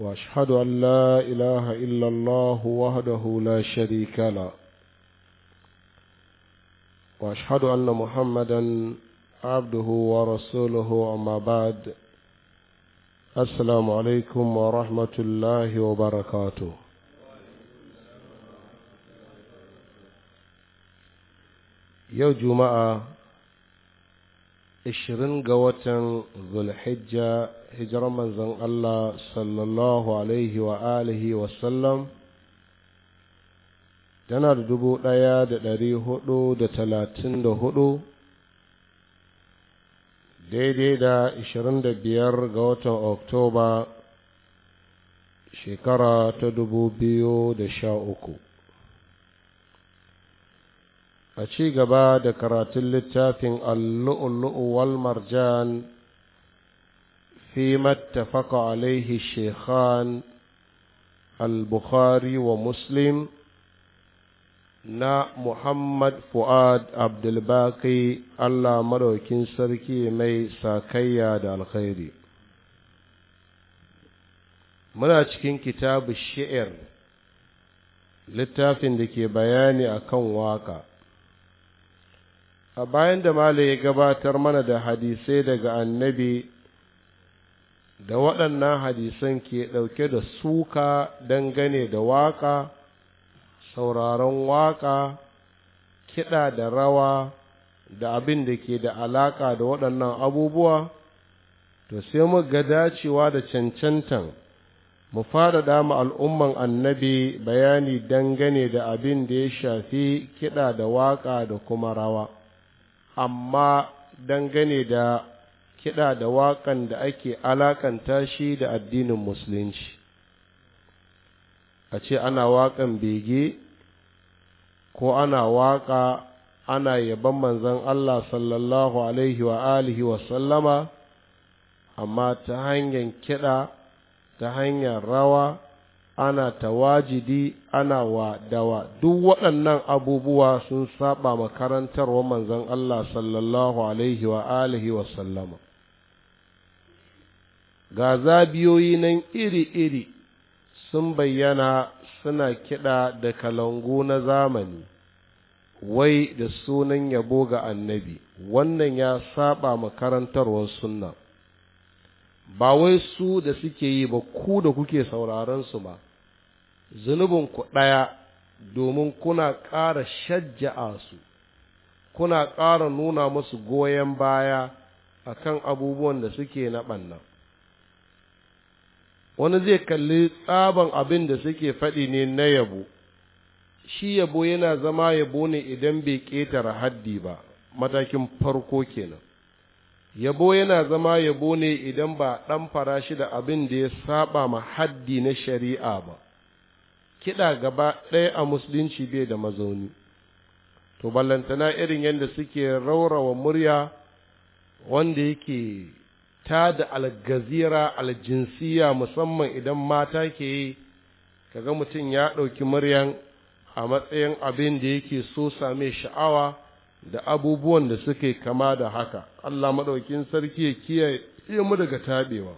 واشهد ان لا اله الا الله وحده لا شريك له واشهد ان محمدا عبده ورسوله اما بعد السلام عليكم ورحمه الله وبركاته يا جماعه 20 قوة ذو الحجة hijirar manzon Allah sallallahu alaihi wa alihi wa sallam tana da dubu ɗaya da ɗari hudu da talatin da hudu daidai da ishirin da biyar ga watan oktoba shekara ta dubu biyu da sha uku a ci gaba da karatun littafin allu'ullu'u wal marjan فيما اتفق عليه الشيخان البخاري ومسلم na Muhammad Fuad Abdulbaki Allah maraukin sarki mai sakayya da alkhairi. Muna cikin kitabu shi'ir, littafin da ke bayani a kan waka. A bayan da Malam ya gabatar mana da hadisai daga annabi da waɗannan hadisan ke ɗauke da suka dangane da waƙa sauraron waƙa kiɗa da rawa da abin da ke da alaƙa da waɗannan abubuwa to sai mu ga dacewa da cancantan mu faɗaɗa mu al'umman annabi bayani dangane da abin da ya shafi kiɗa da waƙa da kuma rawa amma dangane da kiɗa da waƙan da ake alakanta shi da addinin musulunci a ce ana waƙan bege ko ana waƙa ana yaban manzon Allah sallallahu alaihi wa alihi wa sallama amma ta hanyar kiɗa ta hanyar rawa ana tawajidi ana wa dawa duk waɗannan abubuwa sun saba makarantarwa manzan Allah sallallahu alaihi wa alihi wa sallama ga zabiyoyi nan iri-iri sun bayyana suna kiɗa da kalangu na zamani wai da sunan yabo ga annabi wannan ya saba makarantarwar sunna ba wai su da suke yi ba ku da kuke sauraron su ba ku ɗaya domin kuna ƙara shajja'a su kuna ƙara nuna musu goyon baya akan abubuwan da suke na ɓannan wani zai kalli tsaban abin da suke faɗi ne na yabo shi yabo yana zama yabo ne idan bai ƙetare haddi ba matakin farko kenan yabo yana zama yabo ne idan ba ɗan farashi da abin da ya saba ma haddi na shari'a ba kiɗa gaba ɗaya a musulunci bai da mazauni to ballantana irin yadda suke raurawa murya wanda yake ta da algazira aljinsiya musamman idan mata ke yi kaga mutum ya ɗauki muryan a matsayin abin da yake so same sha'awa da abubuwan da suke kama da haka Allah maɗaukin sarki ya kiyaye mu daga taɓewa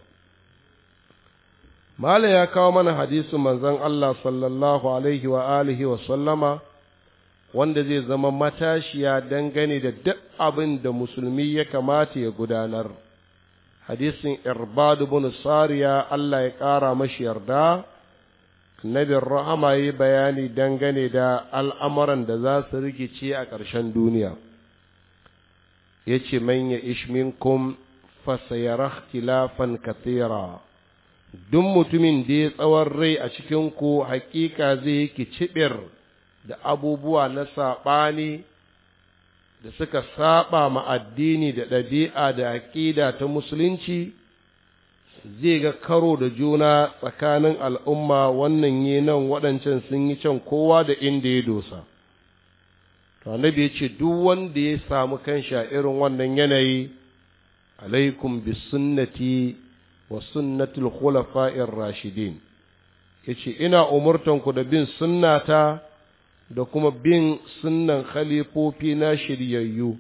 Mala ya kawo mana hadisin manzon Allah sallallahu alaihi wa alihi wa sallama wanda zai zama matashiya dangane da duk abin da musulmi ya kamata ya gudanar hadisin irbad ibn sariya Allah ya ƙara mashi yarda annabin rahama yi bayani dangane da al'amuran da za su rikice a ƙarshen duniya ya ce manya ishminkum fasayara ikhtilafan kathira duk mutumin da ya tsawon rai a cikinku hakika zai yi kicibir da abubuwa na saɓani da suka saba ma addini da ɗabi'a da aƙida ta musulunci zai ga karo da juna tsakanin al'umma wannan yi nan waɗancan sun yi can kowa da inda ya dosa. To, annabi ya ce, duk wanda ya samu kanshi a irin wannan yanayi, alaikum bi sunnati wa sunnatul khulafa'ir rashidin. Ya ce, ina umurtanku da bin sunnata da kuma bin sunnan khalifofi na shiryayyu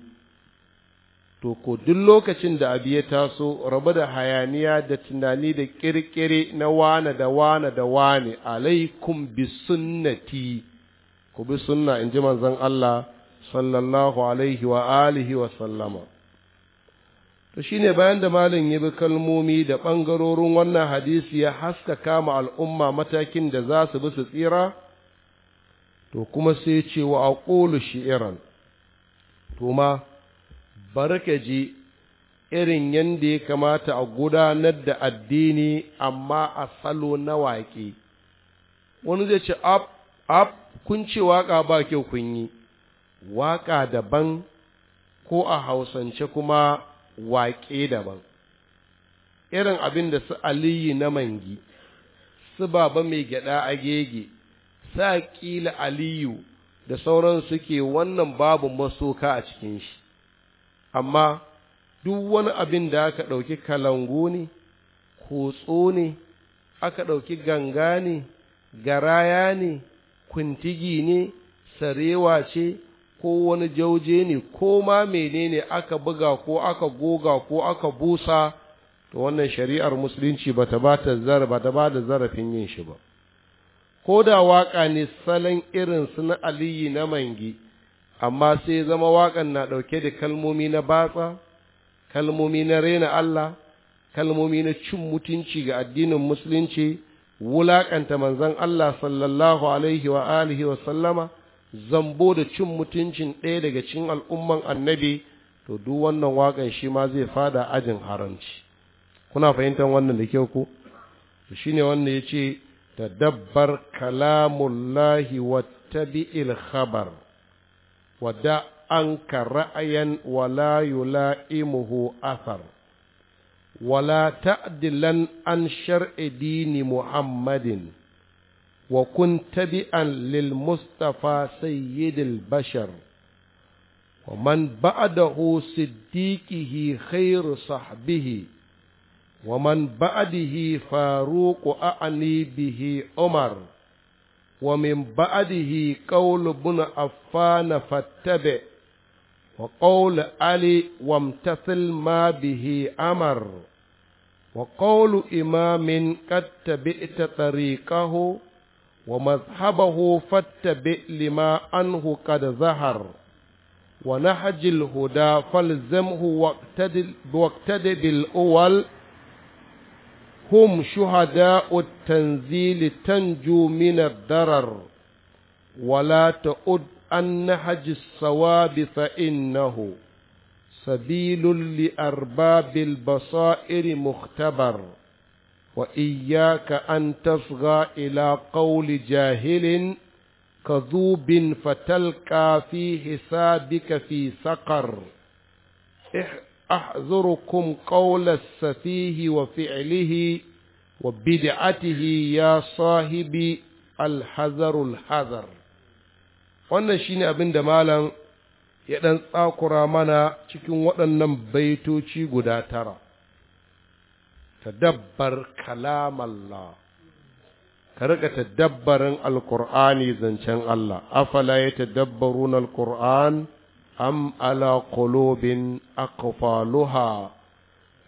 to ko duk lokacin da abu ya taso rabu da hayaniya da tunani da kirkire na wane da wane da wane alaikum bi sunnati ku bi sunna in ji manzon Allah sallallahu alaihi wa alihi wa sallama to shine bayan da malin ya bi kalmomi da ɓangarorin wannan hadisi ya haskaka ma al'umma matakin da za su bi su tsira to kuma sai ce wa aqulu shi'ran to ma barka ji irin yanda ya kamata a gudanar da addini amma a salo na waƙe wani zai ce ab ab kun ce waƙa ba kyau kun yi waƙa daban ko a hausance kuma waƙe daban irin abin da su aliyu na mangi su baba mai gyada a gege sa ƙila aliyu da sauran suke wannan babu masoka a cikin shi amma duk wani abin da aka ɗauki kalangu ne kotso ne aka ɗauki ganga ne garaya ne kuntigi ne sarewa ce ko wani jauje ne ko ma menene aka buga ko aka goga ko aka busa to wannan shari'ar musulunci bata ba ta ba da zarafin yin shi ba ko da waƙa ne salon irin su na aliyu na mangi amma sai zama waƙan na ɗauke da kalmomi na batsa kalmomi na rena Allah kalmomi na cin mutunci ga addinin musulunci wulaƙanta manzon Allah sallallahu alaihi wa alihi wa sallama zambo da cin mutuncin ɗaya daga cin al'umman annabi to duk wannan waƙan shi ma zai fada ajin haramci kuna fahimtar wannan da kyau ko shine wannan yace تدبر كلام الله واتبع الخبر ودع عنك رأيا ولا يلائمه أثر ولا تعدلا عن شرع دين محمد وكن تبعا للمصطفى سيد البشر ومن بعده صديقه خير صحبه ومن بعده فاروق أعني به عمر ومن بعده قول بن عفان فاتبع وقول علي وامتثل ما به أمر وقول إمام قد تبئت طريقه ومذهبه فاتبع لما عنه قد ظهر ونهج الهدى فالزمه واقتد, واقتد بالأول هم شهداء التنزيل تنجو من الضرر ولا تؤد عن نهج الصواب فإنه سبيل لأرباب البصائر مختبر وإياك أن تصغى إلى قول جاهل كذوب فتلقى في حسابك في سقر أحذركم قول السفيه وفعله وبدعته يا صاحبي الحذر الحذر wannan shine abin da malam ya ɗan tsakura mana cikin waɗannan baitoci guda tara tadabbar Allah, ka riƙa tadabbarin alƙur'ani zancen Allah afala ya tadabbarun alƙur'an am ala qulubin aqfaluha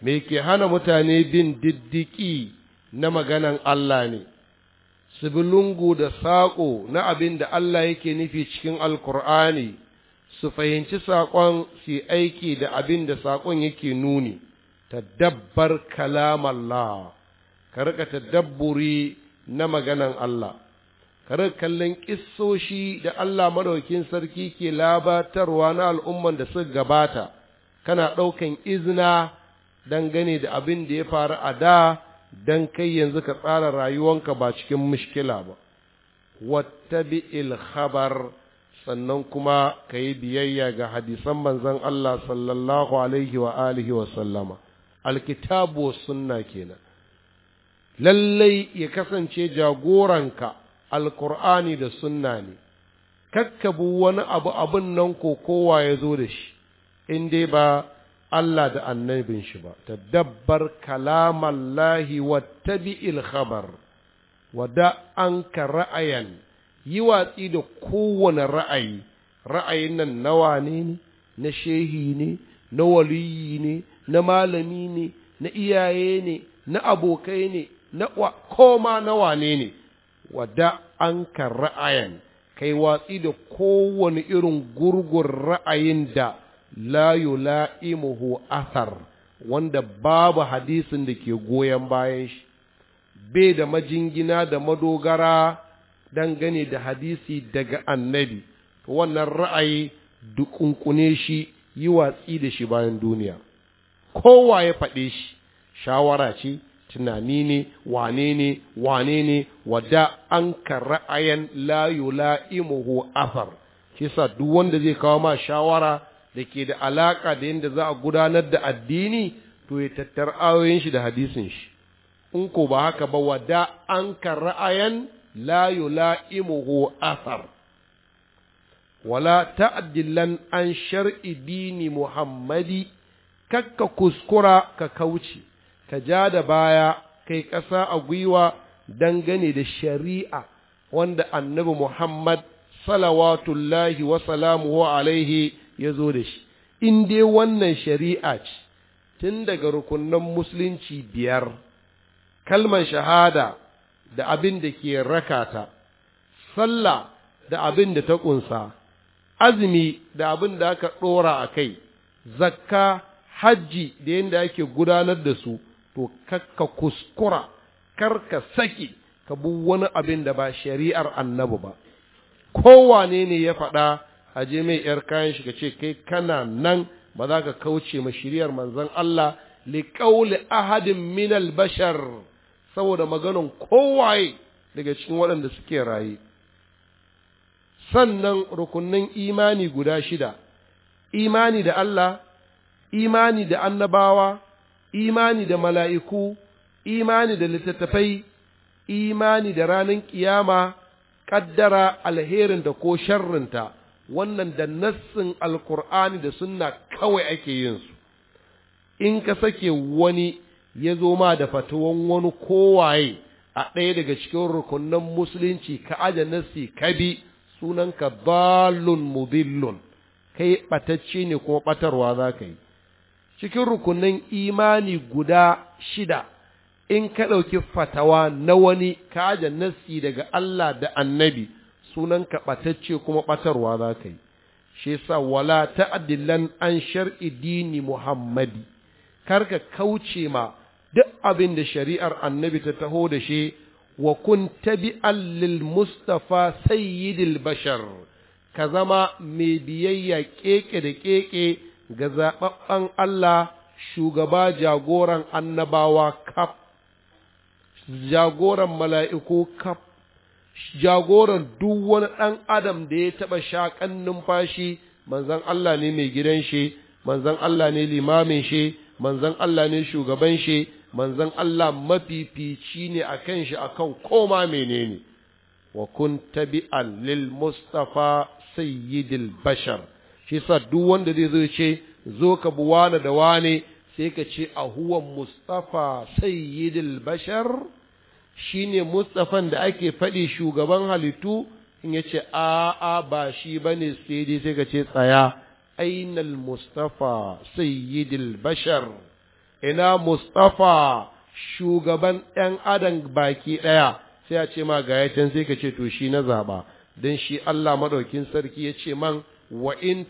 me ke hana mutane bin diddiki na maganan Allah ne su bi lungu da saƙo na abin da Allah yake nufi cikin alkur'ani su fahimci saƙon su aiki da abin da saƙon yake nuni tadabbar kalamallah ka riƙa tadabburi na maganan Allah kare kallon kissoshi da Allah maɗaukin sarki ke labatarwa na al'umman da suka gabata kana ɗaukan izina dangane da abin da ya faru a da dan kai yanzu ka tsara rayuwanka ba cikin mushkila ba wattabi'il khabar sannan kuma ka yi biyayya ga hadisan manzon Allah sallallahu alaihi wa alihi wa sallama alkitabu sunna kenan lallai ya kasance jagoranka alkur'ani da sunna ne kakkabu wani abu abun nan ko kowa ya zo da shi in dai ba Allah da annabin shi ba tadabbar kalamallahi wattabi'il khabar wada anka ra'ayan yi watsi da kowane ra'ayi ra'ayin nan nawa ne na shehi ne na waliyi ne na malami ne na iyaye ne na abokai ne na koma na wane ne wada an ka ra'ayan kai watsi da kowane irin gurgur ra'ayin da layo la'imuhu athar wanda babu hadisin da ke goyon bayan shi bai da majingina da madogara dangane da hadisi daga annabi wannan ra'ayi dukunkune shi yi watsi da shi bayan duniya kowa ya faɗe shi shawara ce tunani ne wane ne wane ne wadda an ra'ayan la'imu yula'imuhu afar kisa duk wanda zai kawo ma shawara da ke da alaka da yadda za a gudanar da addini to ya tattar ayoyin shi da hadisin shi in ko ba haka ba wadda an ra'ayan la'imu yula'imuhu afar wala ta'addilan an shar'i dini muhammadi kakka kuskura ka kauce ka ja da baya kai ƙasa a gwiwa dangane da shari'a wanda annabi Muhammad salawatullahi wa salamuhu alaihi ya zo da shi, in dai wannan shari'a ce, tun daga rukunan musulunci biyar, kalmar shahada da abin da ke rakata, sallah da abin da ta ƙunsa, azumi da abin da aka ɗora a kai, zakka, hajji da yadda ake gudanar da su. to ka kuskura ka saki ka bu wani abin da ba shari'ar annabi ba kowane ne ya faɗa a je mai yar kayan shi ka ce kai kana nan ba za ka kauce ma shari'ar manzon Allah li qawli ahadin al bashar saboda maganan kowaye daga cikin waɗanda suke raye sannan rukunnan imani guda shida imani da Allah imani da annabawa imani da mala'iku imani da littattafai imani da ranar ƙiyama ƙaddara alherin da ko sharrinta wannan da nassin alkur'ani da sunna kawai ake yin su in ka sake wani ya zo ma da fatuwan wani kowaye a ɗaya daga cikin rukunan musulunci ka aja nassi ka bi sunanka balun mubillun kai ɓatacce ne kuma ɓatarwa za ka yi cikin rukunin imani guda shida in ka ɗauki fatawa na wani kaja nassi daga Allah da annabi sunan ka ɓatacce kuma ɓatarwa za ka yi shi sa wala ta'adillan an shar'i dini muhammadi karka kauce ma duk abin da shari'ar annabi ta taho da shi wa kun tabi allil mustafa sayyidil bashar ka zama mai biyayya keke da keke ga zaɓaɓɓen Allah shugaba jagoran annabawa kaf jagoran mala'iku kaf jagoran duk wani ɗan adam da ya taɓa shaƙan numfashi manzan Allah ne mai gidan shi manzan Allah ne limamin shi manzan Allah ne shugaban shi manzan Allah mafifici ne a kan shi a kan koma menene wa kun tabi'an lil mustafa sayyidil bashar shi sa duk wanda zai zo ce zo ka bi wani da wane sai ka ce a huwa mustafa sayyidul bashar ne mustafan da ake faɗi shugaban halittu in ya ce a a ba shi ba ne sai dai sai ka ce tsaya ainal mustafa sayyidul bashar ina mustafa shugaban ɗan adam baki ɗaya sai a ce ma gayatan sai ka ce to shi na zaɓa don shi Allah maɗaukin sarki ya ce man wa in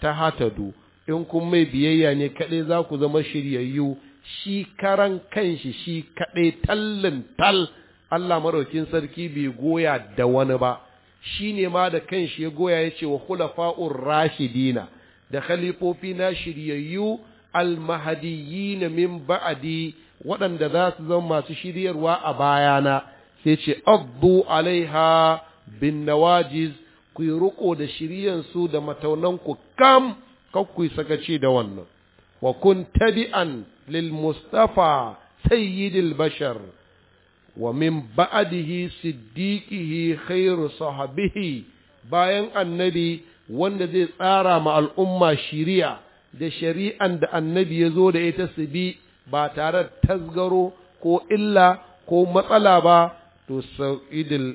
ta hatadu in kun mai biyayya ne kaɗai za ku zama shiryayyu shi karan kanshi shi kaɗai tallin tal Allah maraukin sarki bai goya da wani ba shi ne ma da kanshi ya goya ya ce wa khulafa'ur rashidina da khalifofi na shiryayyu almahadiyina min ba'adi waɗanda za su zama masu shiryarwa a bayana sai ce abdu alaiha bin nawajiz ku yi riko da shiriyansu da mataunanku kam kan ku yi sakaci da wannan wa kun tabi'an lil mustafa sayyidil bashar wa min ba'dihi siddiqihi khairu sahabihi bayan annabi wanda zai tsara ma al'umma shiriya da shari'an da annabi ya zo da ita su bi ba tare da tasgaro ko illa ko matsala ba to sa'idil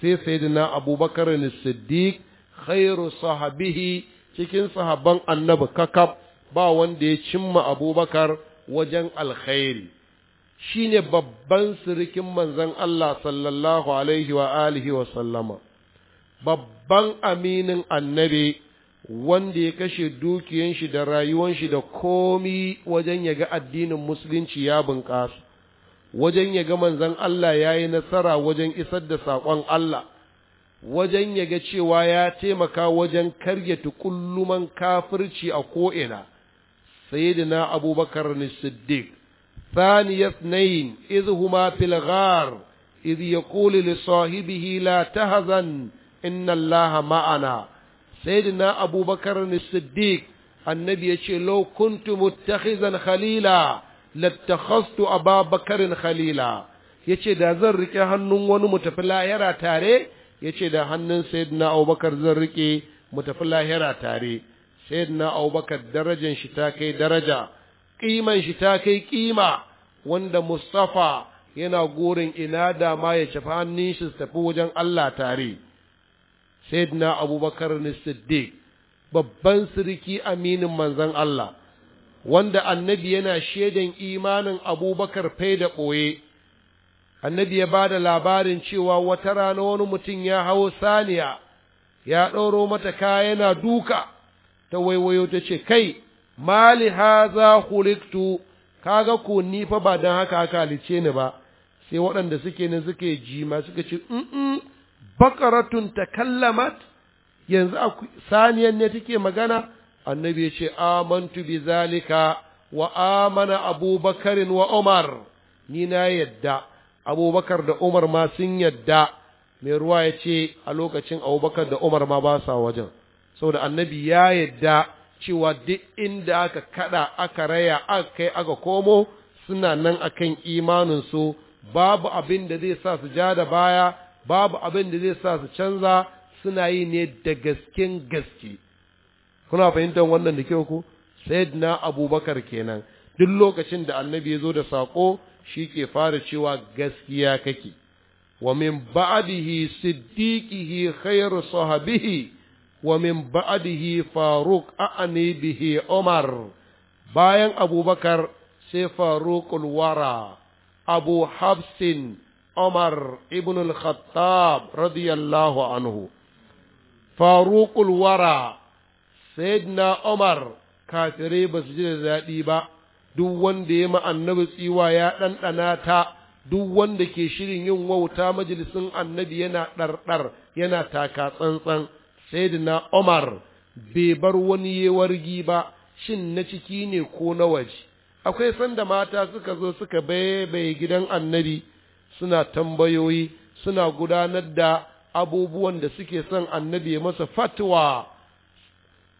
sai sayyidina abubakar siddiq khairu sahabihi cikin sahabban annabi kakab ba wanda ya cimma abubakar wajen alkhairi shine babban sirikin manzon Allah sallallahu alaihi wa alihi wa sallama babban aminin annabi wanda ya kashe dukiyan shi da rayuwan shi da komi wajen yaga addinin musulunci ya bunƙasa wajen ya ga manzan Allah ya yi nasara wajen isar da saƙon Allah, wajen ya ga cewa ya taimaka wajen karyata kulluman kafirci a ko’ina, sai da na abubakar ni Siddiq, Thaniyas Nain, izuhuma filgar, izu ya koli lissahibihi la ta hazan inallaha ma’ana, sai na abubakar ni annabi ya ce, lokuntu mutakhizan khalila. lattakhastu aba bakarin khalila yace da zan riƙe hannun wani mu tafi lahira tare yace da hannun sayyidina abubakar zan riƙe mu tafi lahira tare sayyidina abubakar darajar shi ta kai daraja kiman shi ta kai kima wanda mustafa yana gorin ina dama ma ya shafi hannun shi su tafi wajen Allah tare sayyidina abubakar ne siddiq babban siriki aminin manzon Allah wanda annabi yana shaidan imanin abubakar fai da ɓoye annabi ya ba da labarin cewa wata rana wani mutum ya hawo saniya ya ɗauro mata kaya yana duka ta waiwayo ta ce kai mali haza hulikto kaga ko ni fa ba don haka aka halice ni ba sai waɗanda suke ne suke jima suka ce mm bakaratun takallamat yanzu saniyan ne take magana annabi ya ce amantu bi zalika wa amana abubakarin wa umar ni na yadda abubakar da umar ma sun yadda mai ruwa ya ce a lokacin abubakar da umar ma ba sa wajen saboda annabi ya yadda cewa duk inda aka kada aka raya aka kai aka komo suna nan akan imaninsu babu abin da zai sa su ja da baya babu abin da zai sa su canza suna yi ne da gasken gaske kuna fahimtar wannan da kyau ko sayyidina abubakar kenan duk lokacin da annabi ya zo da saƙo shi ke fara cewa gaskiya kake wa min ba'dihi siddiqihi khairu sahabihi wa min ba'dihi faruq a'ani bihi umar bayan abubakar sai faruqul wara abu habsin umar ibn al-khattab radiyallahu anhu faruqul wara sayyidina Umar kafirai ba su ji da daɗi ba duk wanda ya ma'annabi tsiwa ya ɗanɗana ta duk wanda ke shirin yin wauta majalisun annabi yana ɗarɗar yana taka tsantsan sayyidina Umar bai bar wani yawargi ba shin na ciki ne ko na waje akwai sanda mata suka zo suka baibaye gidan annabi suna tambayoyi suna gudanar da abubuwan da suke son annabi ya masa fatwa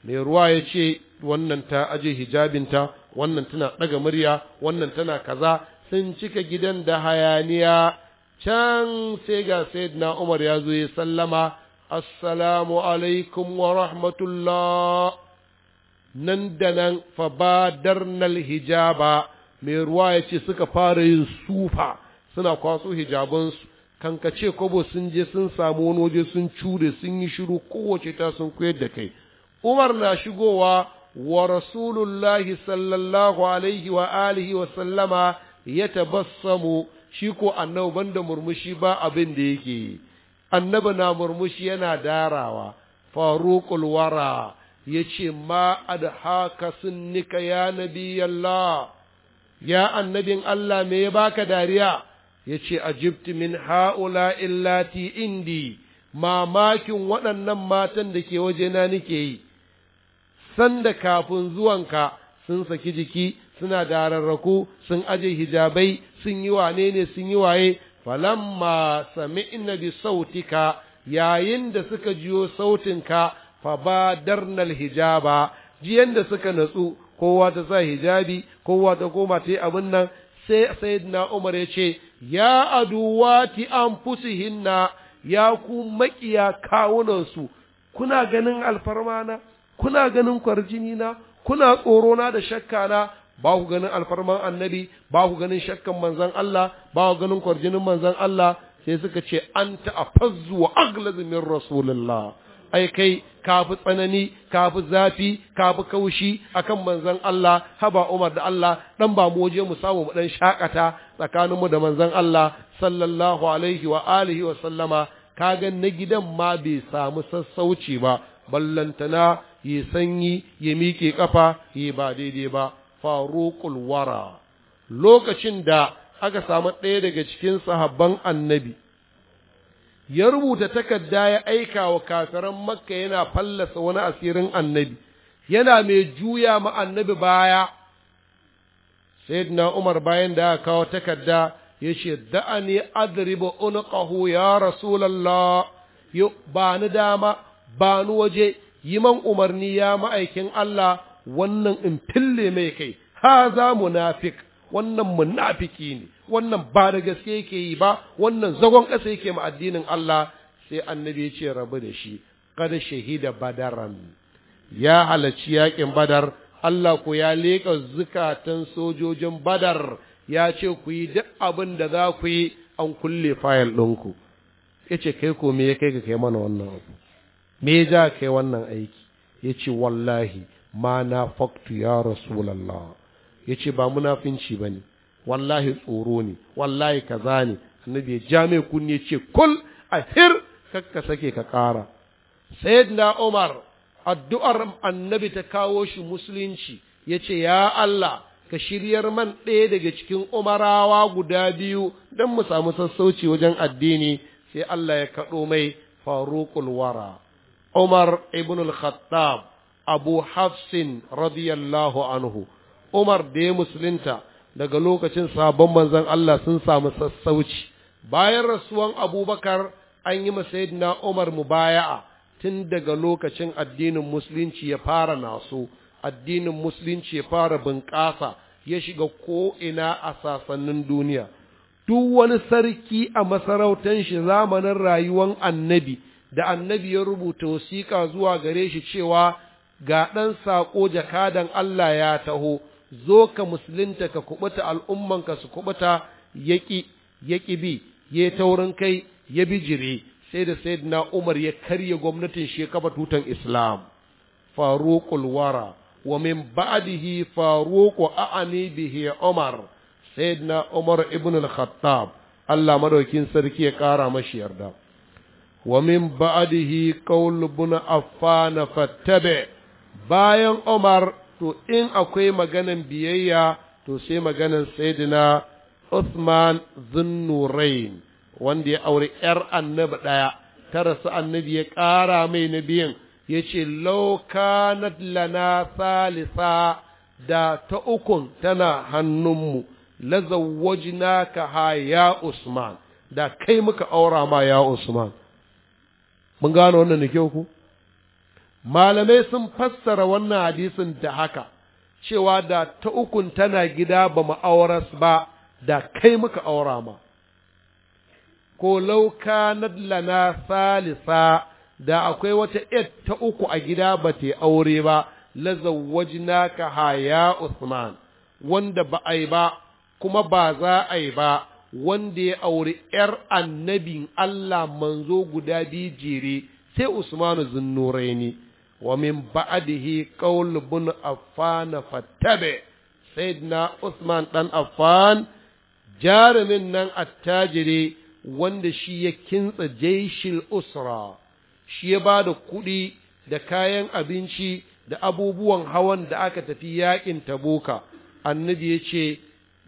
mai ruwa ya ce wannan ta aje hijabinta wannan tana ɗaga murya wannan tana kaza sun cika gidan da hayaniya can sai ga na Umar ya zo ya sallama assalamu alaikum wa rahmatullah nan da nan fa ba nal hijaba mai ruwa ya ce suka fara yin sufa suna kwaso hijabansu kankace kobo sun je sun samu wani waje sun cure sun yi shiru kowace ta sun koyar da kai umar na shigowa wa rasulullahi sallallahu alaihi wa alihi wa sallama ya tabassamu shi ko annabi banda murmushi ba abin da yake annabi na murmushi yana darawa faruqul wara yace ma adhaka sunnika ya nabiyallah ya annabin Allah me ya baka dariya yace ajibti min haula illati indi mamakin waɗannan matan da ke wajena nake yi sanda kafin zuwanka sun saki jiki suna dararraku sun aje hijabai sun yi wane ne sun yi waye falamma sami'na bi sautika yayin da suka jiyo sautinka fa badarnal hijaba jiyan da suka natsu kowa ta sa hijabi kowa ta koma ta yi abin nan sai sayyidina Umar ya ce ya aduwati anfusihinna ya ku makiya kawunansu kuna ganin alfarma na? kuna ganin kwarjini na kuna tsoro na da shakka na ba ku ganin alfarman annabi ba ku ganin shakkan manzon Allah ba ku ganin kwarjinin manzon Allah sai suka ce an afazzu wa aghlaz min rasulillah ai kai kafi tsanani kafi zafi kafi kaushi akan manzon Allah haba Umar da Allah dan ba mu waje mu samu dan shakata tsakanin mu da manzan Allah sallallahu alaihi wa alihi wa sallama kaga na gidan ma bai samu sassauci ba ballantana yi sanyi ya miƙe ƙafa yi ba daidai ba faruƙulwara. wara lokacin da aka samu ɗaya daga cikin sahabban annabi ya rubuta takarda ya aika wa kafiran makka yana fallasa wani asirin annabi yana mai juya ma annabi baya sayyidina umar bayan da aka kawo takarda ya ce da'ani adriba unqahu ya rasulallah ba ni dama ba ni waje yi man umarni ya ma'aikin Allah wannan in fille mai kai ha za munafik wannan munafiki ne wannan ba da gaske yake yi ba wannan zagon ƙasa yake ma addinin Allah sai annabi ya ce rabu da shi kada shahida badaran ya halarci yakin badar Allah ku ya leƙa zukatan sojojin badar ya ce ku yi duk abin da za ku yi an kulle fayil ɗinku ya ce kai ko me ya kai ka kai mana wannan abu me ja kai wannan aiki Ya ce wallahi ma na faktu ya Ya ce ba munafinci ba ne. wallahi tsoro ne wallahi kaza ne annabi ya ja mai ya ce kul a ahir kakka sake ka kara sayyidina umar addu'ar annabi ta kawo shi musulunci ya ce ya Allah ka shiryar man ɗaya daga cikin umarawa guda biyu don mu samu sassauci wajen addini sai Allah ya kaɗo mai faruƙul wara Umar ibn al-Khattab Abu Hafsin radiyallahu anhu Umar da ya musulunta daga lokacin sabon manzon Allah sun samu sassauci bayan rasuwan Abubakar an yi masayidina Umar mubaya'a tun daga lokacin addinin musulunci ya fara naso addinin musulunci ya fara bunƙasa ya shiga ko'ina a sasannin duniya duk wani sarki a masarautar shi zamanin rayuwar annabi da annabi ya rubuta wasiƙa zuwa gare shi cewa ga ɗan saƙo jakadan Allah ya taho zo ka musulunta ka kubuta al'ummanka su kubuta ya ƙi bi ya taurin kai ya bijire sai da sayyidina Umar ya karya gwamnatin shi kafa tutan Islam faruqul wara wa min ba'dihi faruqu a'ani bihi Umar sayyidina Umar ibn al-Khattab Allah madaukin sarki ya ƙara mashi yarda ومن بعده قول ابن عفان فاتبع bayan Umar to in akwai maganan biyayya to sai maganan Sayyidina Uthman Zunnurain wanda ya aure ‘yar annabi ɗaya, ta rasu annabi ya ƙara mai na biyan, ya ce, Laukanat lana salisa da ta ukun tana hannunmu, lazawwajina ka ha ya Usman, da kai muka aura ma ya Usman. mun gano wannan da kyau ku malamai sun fassara wannan hadisin da haka cewa da ta ukun tana gida ba mu auras ba da kai muka aura ma ko lauka lana salisa da akwai wata ƴar ta uku a gida ba ta aure ba ka haya usman wanda ba ai ba kuma ba za a yi ba wanda ya auri ‘yar annabin Allah manzo guda biyu jere sai Usmanu zunnuraini wa min ba'adihi qawl bin Affan fattabe sayyidina Usman ɗan Affan jarumin nan attajiri wanda shi ya kintsa jaishil usra shi ya ba da kuɗi da kayan abinci da abubuwan hawan da aka tafi yakin tabuka annabi ya ce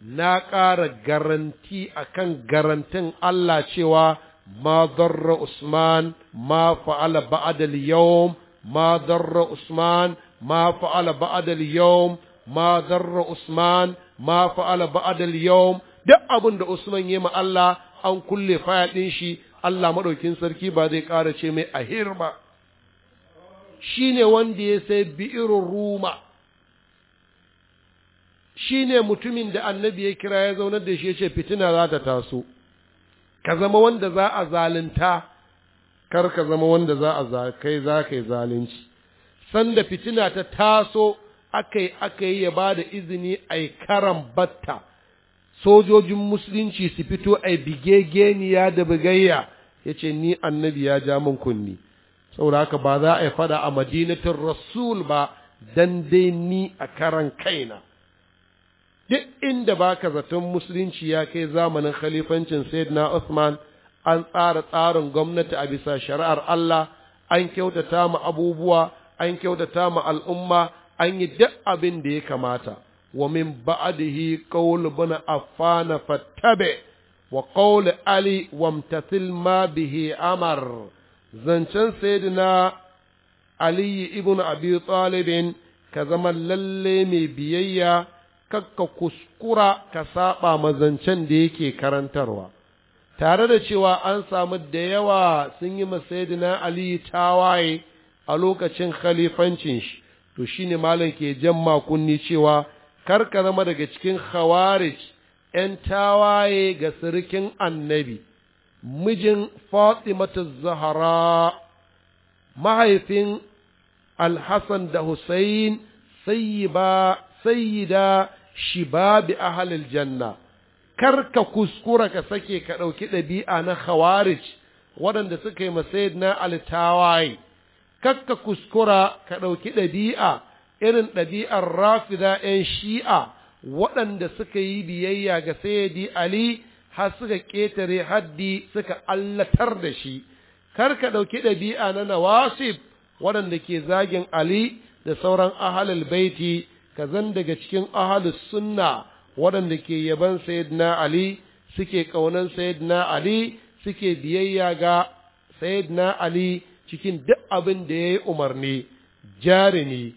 na ƙara garanti a kan garantin Allah cewa ma zarra Usman ma fa'ala ba'adal yawon. ma zarra Usman ma fa'ala ba'adal yawon. ma zarra Usman ma fa'ala ba'adal yawon. duk abin da Usman ya ma Allah an kulle fayaɗin shi Allah maɗaukin sarki ba zai ƙara ce mai ahir ba shi ne wanda ya sai bi'irin ruma shi ne mutumin da annabi ya kira ya zaunar da shi ya ce fitina za ta taso ka zama wanda za a zalunta kar ka zama wanda za a kai za ka yi zalunci sanda fitina ta taso aka yi ya ba da izini yi karan batta sojojin musulunci su fito a yi bigegeniya da bugayya ya ce ni annabi ya ja min kunni saboda haka ba za a yi fada a madinatin rasul ba dan dai ni a karan kaina duk inda baka zaton musulunci ya kai zamanin khalifancin sayyidina Uthman an tsara tsarin gwamnati a bisa shari'ar Allah an kyautata mu abubuwa an kyautata mu al'umma an yi duk abin da ya kamata wa min ba'dihi qawl ibn affan fattabi wa qawl ali wamtathil ma bihi amar zancen sayyidina ali ibn abi talib ka zama lalle mai biyayya kakka kuskura ka saba mazancen da yake karantarwa tare da cewa an samu da yawa sun yi masaidina ali tawaye a lokacin khalifancin shi to shine malam ke jan makunni cewa kar ka zama daga cikin khawarij ‘yan tawaye ga sirikin annabi mijin fatimatu zahra mahaifin alhassan da hussain sayyida shibabi ahlil janna kar ka kuskura ka sake ka ɗauki ɗabi'a na khawarij waɗanda suka yi masayid na altawai kar ka kuskura ka ɗauki ɗabi'a irin ɗabi'ar rafida 'yan shi'a waɗanda suka yi biyayya ga sayyidi ali har suka ƙetare haddi suka allatar da shi kar ka ɗauki ɗabi'a na nawasib waɗanda ke zagin ali da sauran ahalil baiti kazan daga cikin ahalus sunna waɗanda ke yaban sayyidina ali suke ƙaunan sayyidina ali suke biyayya ga sayyidina ali cikin duk abin da ya yi umarni ni,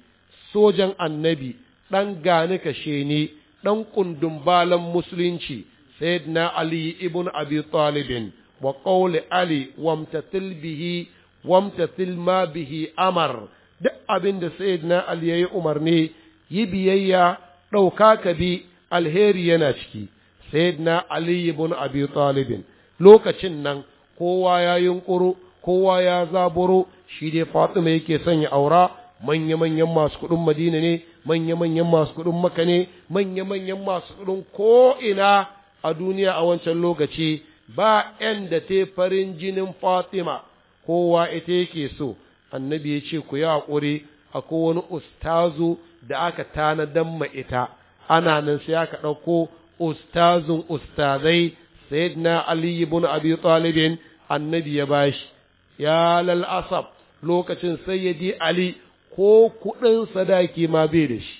sojan annabi ɗan gani kashe ni ɗan kundin balan musulunci sayyidina ali ibn abi talibin wa qawli ali wamtatil bihi wamtatil ma bihi amar duk abin da sayyidina ali yayi umarni yi biyayya ɗauka ka bi alheri yana ciki sayyidina ali ibn abi talibin lokacin nan kowa ya yunkuro kowa ya zaburo shi dai fatima yake sanya aura manya-manyan masu kuɗin madina ne manya-manyan masu kuɗin maka ne manya-manyan masu kuɗin ko'ina a duniya a wancan lokaci ba ‘yan da ta farin jinin fatima kowa ita yake so annabi ya ce ku yi haƙuri a kowane ustazu da aka tanadan ma ita ana nan sai aka ɗauko ustazun ustazai sayyidina ali ibn abi Talib annabi ya bashi ya lal asab lokacin sayyidi ali ko kuɗin sadaki ma bai da shi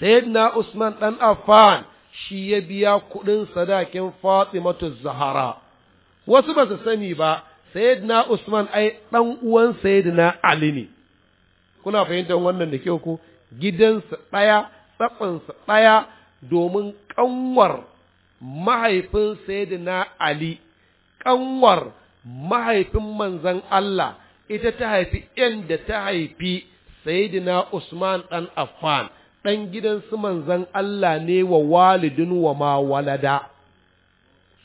sayyidina usman dan affan shi ya biya kuɗin sadakin fatimatu zahara wasu ba su sani ba sayyidina usman ai dan uwan sayyidina ali ne kuna fahimtar wannan da kyau ko gidansa ɗaya tsatsansu ɗaya domin ƙanwar mahaifin sayyidina ali ƙanwar mahaifin manzan Allah ita ta haifi ‘yan da ta haifi sayyidina Usman ɗan Affan, ɗan gidan su manzan Allah ne wa walidun wa ma walada.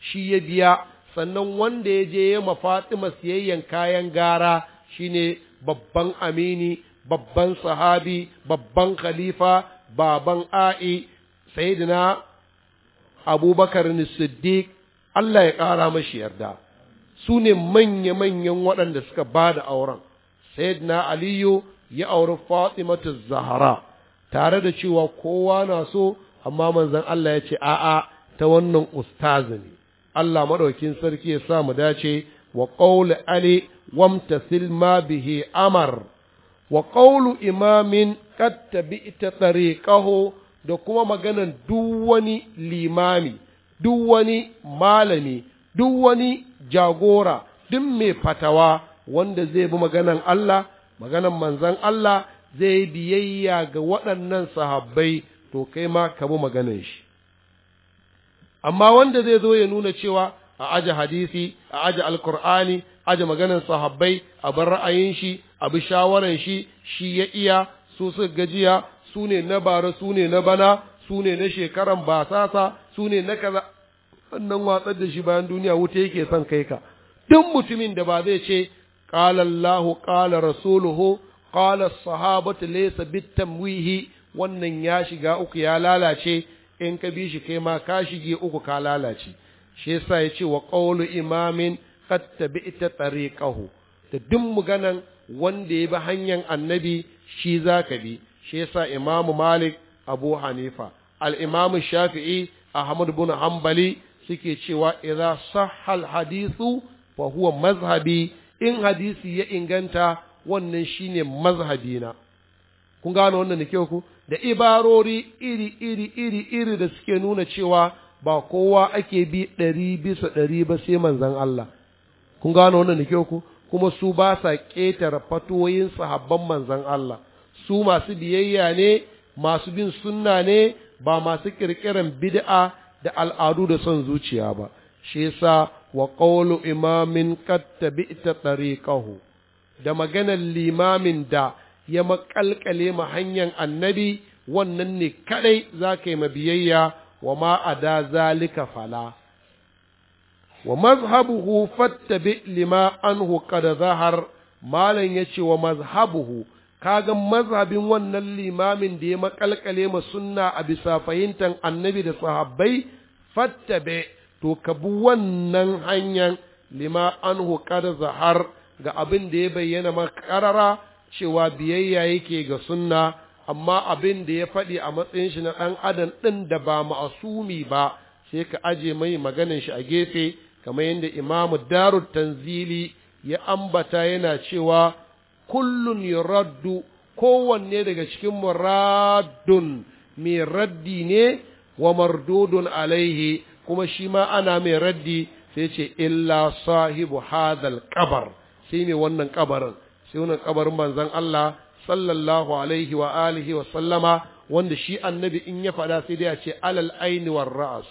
Shi ya biya, sannan wanda ya je ya Fatima siyayyan kayan gara shine babban amini babban sahabi babban khalifa baban a'i sayyidina abubakar siddiq Allah ya ƙara mashi yarda su ne manya-manyan waɗanda suka ba da auren sayyidina aliyu ya auri fatimatu zahara tare da cewa kowa na so amma manzon Allah ya ce a'a ta wannan ustazi ne Allah maɗaukin sarki ya sa mu dace wa ƙaula ali wamtasil ma bihi amar wa qawlu imamin ita tabi'ta tariqahu da kuma maganan duk wani limami duk wani malami duk wani jagora duk mai fatawa wanda zai bi maganan Allah maganan manzon Allah zai biyayya ga waɗannan sahabbai to kai ma ka bi maganan shi amma wanda zai zo ya nuna cewa a aje hadisi a aje alkur'ani aje maganan sahabbai a bar ra'ayin shi abu shawaran shi shi ya iya su su gajiya su ne na bara su ne na bana su ne na shekaran basasa su ne na kaza wannan watsar da shi bayan duniya wuta yake son kai ka duk mutumin da ba zai ce qala Allahu qala rasuluhu qala sahabatu laysa bitamwihi wannan ya shiga uku ya lalace in ka bi shi kai ma ka shige uku ka lalace shi yasa yace wa qawlu imamin qad tabi'ta tariqahu da duk maganan wanda ya bi hanyar annabi shi za ka bi shi yasa imamu malik abu hanifa al'imamu shafi'i ahmad bin hambali suke cewa idan sahal hadisu fa huwa mazhabi in hadisi ya inganta wannan shine mazhabina kun gane wannan nake ku da ibarori iri iri iri iri da suke nuna cewa ba kowa ake bi ɗari bisa ɗari ba sai manzon Allah kun gane wannan nake ku kuma su ba sa ƙetare fatoyin sahabban manzan Allah su masu biyayya ne masu bin sunna ne ba masu ƙirƙiran bid'a da al'adu da son zuciya ba shi yasa wa qawlu imamin qad tabi'ta tariqahu da maganar limamin da ya makalkale ma hanyar annabi wannan ne kadai za ka yi mabiyayya wa ma zalika fala wa mazhabuhu fattabi lima anhu qad zahar malam yace wa mazhabuhu kaga mazhabin wannan limamin da ya makalkale ma sunna a bisa fahimtar annabi da sahabbai fattabe to ka bi wannan hanyar lima anhu qad zahar ga abin da ya bayyana makarara cewa biyayya yake ga sunna amma abin da ya faɗi a matsayin shi na ɗan adam ɗin da ba ma'asumi ba sai ka aje mai maganin shi a gefe kamar yadda imamu daru tanzili ya ambata yana cewa kullun raddu kowanne daga cikin muraddun mai raddi ne wa mardudun alaihi kuma shi ma ana mai raddi sai ce illa sahibu hadal kabar sai mai wannan kabarin sai wannan kabarin manzon Allah sallallahu alaihi wa wa sallama wanda shi annabi in ya faɗa sai dai ya ce alal aini war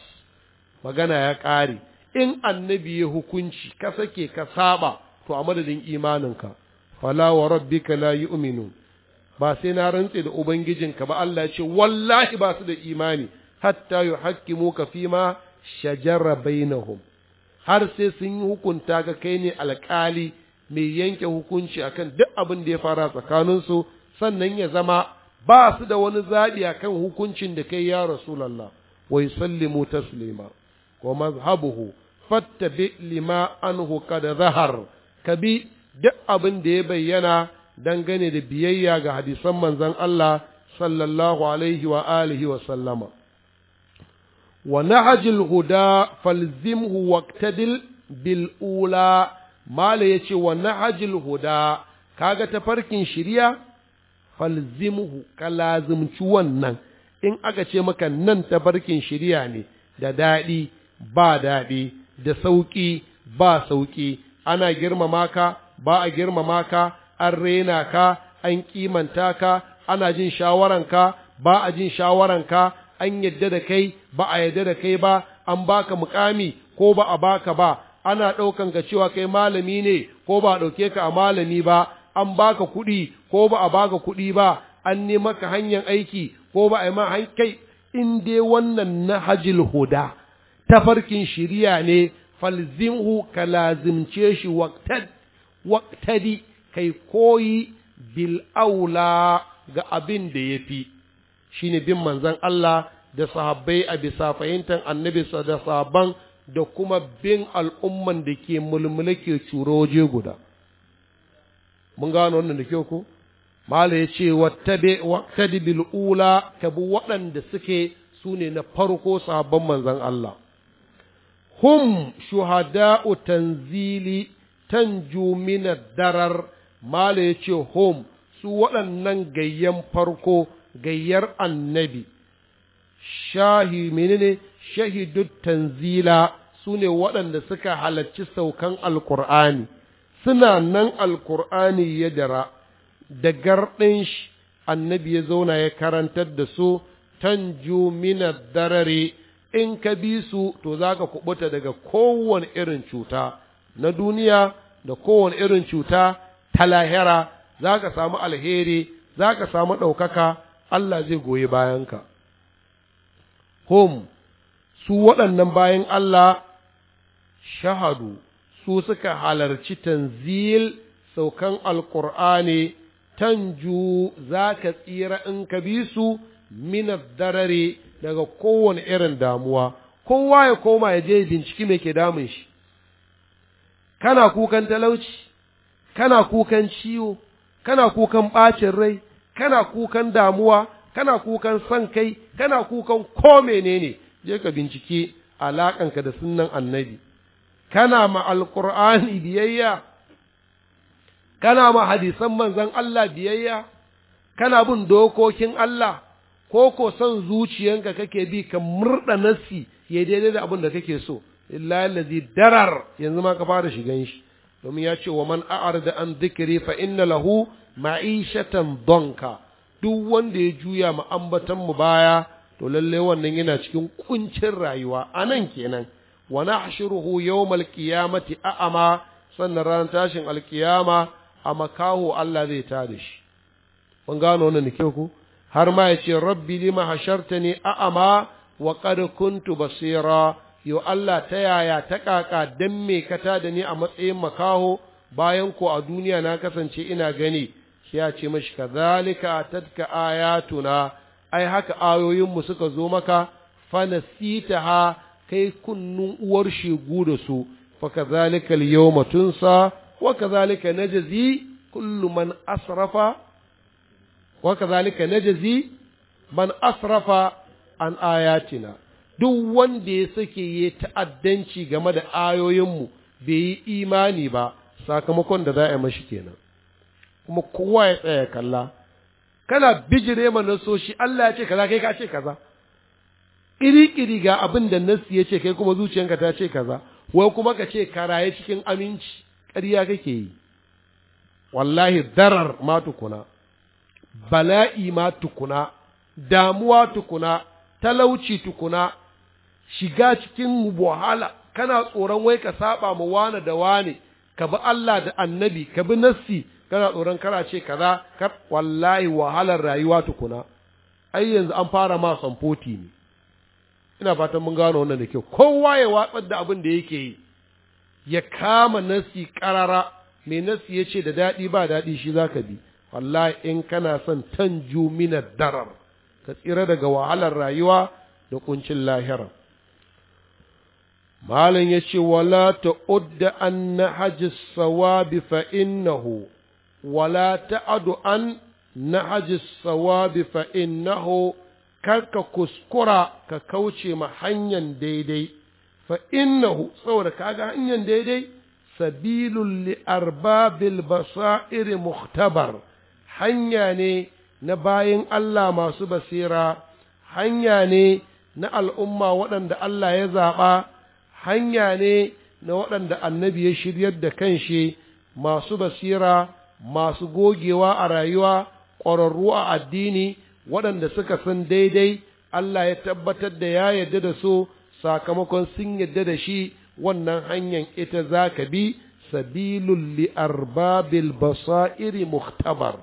magana ya ƙare in annabi ya hukunci ka sake ka saba to a madadin imaninka fala wa rabbika la yu'minu ba sai na rantse da ubangijinka ba Allah ya ce wallahi ba su da imani hatta yuhaqqimuka fima shajara bainahum har sai sun yi hukunta ga kai ne alkali mai yanke hukunci akan duk abin da ya fara tsakaninsu sannan ya zama ba su da wani zaɓi akan hukuncin da kai ya rasulallah wa yusallimu taslima wa mazhabuhu fattabi lima anhu kad zahar ka bi duk abin da ya bayyana dangane da biyayya ga hadisan manzon Allah sallallahu alaihi wa alihi wa sallama wa nahajil huda falzimhu waqtadil bil ula mala yace wa nahajil huda kaga tafarkin shiriya falzimhu ka lazimci wannan in aka ce maka nan tafarkin shiriya ne da daɗi ba daɗi da sauƙi ba sauƙi ana girmama ka ba a girmama ka an rena ka an kimanta ka ana jin shawaranka ba a jin shawaranka an yadda da kai ba a yadda da kai ba an baka mukami ko ba a baka ba ana ɗaukan ka cewa kai malami ne ko ba a ɗauke ka a malami ba an baka kuɗi ko ba a baka kuɗi ba an nemi ka hanyar aiki ko ba a yi ma kai in dai wannan na hajil huda tafarkin shiriya ne falzimhu ka lazimce shi waktadi kai koyi bil aula ga abin da ya fi shi ne bin manzan Allah da sahabbai a bisa fahimtar annabi da sahabban da kuma bin al'umman da ke mulmula ke curo waje guda mun gano wannan da kyau ko mala ya ce waktadi bil'ula ula ka bi waɗanda suke su ne na farko sabon manzan Allah hum shuhada'u tanzili tanjumina min darar mala yace hum su waɗannan gayyan farko gayyar annabi shahi menene shahidu tanzila su ne waɗanda suka halarci saukan alkur'ani suna nan alkur'ani ya dara da garɗin shi annabi ya zauna ya karantar da su tanjumina min darare in ka bi su to za ka kubuta daga kowane irin cuta na duniya da kowane irin cuta ta lahira za ka samu alheri za ka samu ɗaukaka Allah zai goyi bayanka. Hom, su waɗannan bayan Allah shahadu su suka halarci tanzil saukan alƙur'ani tanju za ka tsira in ka bi su minar darare daga kowane irin damuwa kowa ya koma ya je binciki me ke damun shi kana kukan talauci kana kukan ciwo kana kukan ɓacin rai kana kukan damuwa kana kukan son kai kana kukan ko menene je ka binciki alaƙanka da sunnan annabi kana ma alƙur'ani biyayya kana ma hadisan manzon Allah biyayya kana bin dokokin Allah ko ko son zuciyanka kake bi ka murda nassi ya daidai da abin da kake so illa allazi darar yanzu ma ka fara shigan shi domin ya ce wa man da an dhikri fa inna lahu ma'ishatan donka duk wanda ya juya ma ambatan mu baya to lalle wannan yana cikin kuncin rayuwa anan kenan wa nahshuruhu yawmal qiyamati a'ama sannan ranar tashin alkiyama a makaho Allah zai tada shi kun gano wannan ne ku har ma ya ce rabbi lima hasharta ne ama wa qad kuntu basira yo Allah ta yaya ta kaka dan me ka da ni a matsayin makaho bayan ko a duniya na kasance ina gani sai ya ce mashi kadhalika atadka ayatuna ai haka ayoyinmu suka zo maka fanasitaha kai kunnun uwar shegu da su fa kadhalika al-yawma tunsa wa na jazi kullu man asrafa wa kazalika najzi man asrafa an ayatina duk wanda ya sake ya ta'addanci game da ayoyinmu bai yi imani ba sakamakon da za a yi mashi kenan kuma kowa ya tsaya kalla kana bijire ma nasoshi Allah ya ce kaza kai ka ce kaza ƙiriƙiri ga abin da nassi ya ce kai kuma zuciyanka ta ce kaza wai kuma ka ce karaye cikin aminci ƙarya kake yi wallahi darar ma tukuna bala'i ma tukuna damuwa tukuna talauci tukuna shiga cikin wahala kana tsoron wai ka saba mu wane da wane ka bi Allah da annabi ka bi nassi kana tsoron kana ce kaza kar wallahi wahalar rayuwa tukuna ai yanzu an fara ma samfoti ne ina fatan mun gano wannan da kyau kowa ya watsar da abin da yake yi ya kama nassi ƙarara mai nassi ya ce da daɗi ba daɗi shi zaka bi wallahi in kana son tanju minad darar ka tsira daga wahalar rayuwa da kuncin lahira malam ya ce wala ta udda an na hajji sawabi fa innahu wala ta adu an na hajji sawabi fa innahu karka kuskura ka kauce ma hanyar daidai fa innahu saboda kaga hanyar daidai sabilun li arbabil basairi muhtabar hanya ne na bayin Allah masu basira hanya ne na al'umma waɗanda Allah ya zaɓa hanya ne na waɗanda annabi ya shiryar da kanshi masu basira masu gogewa a rayuwa ƙwararru a addini waɗanda suka san daidai Allah ya tabbatar da ya yarda da su sakamakon sun yarda da shi wannan hanyar ita za ka bi sabilul li arbabil basairi muhtabar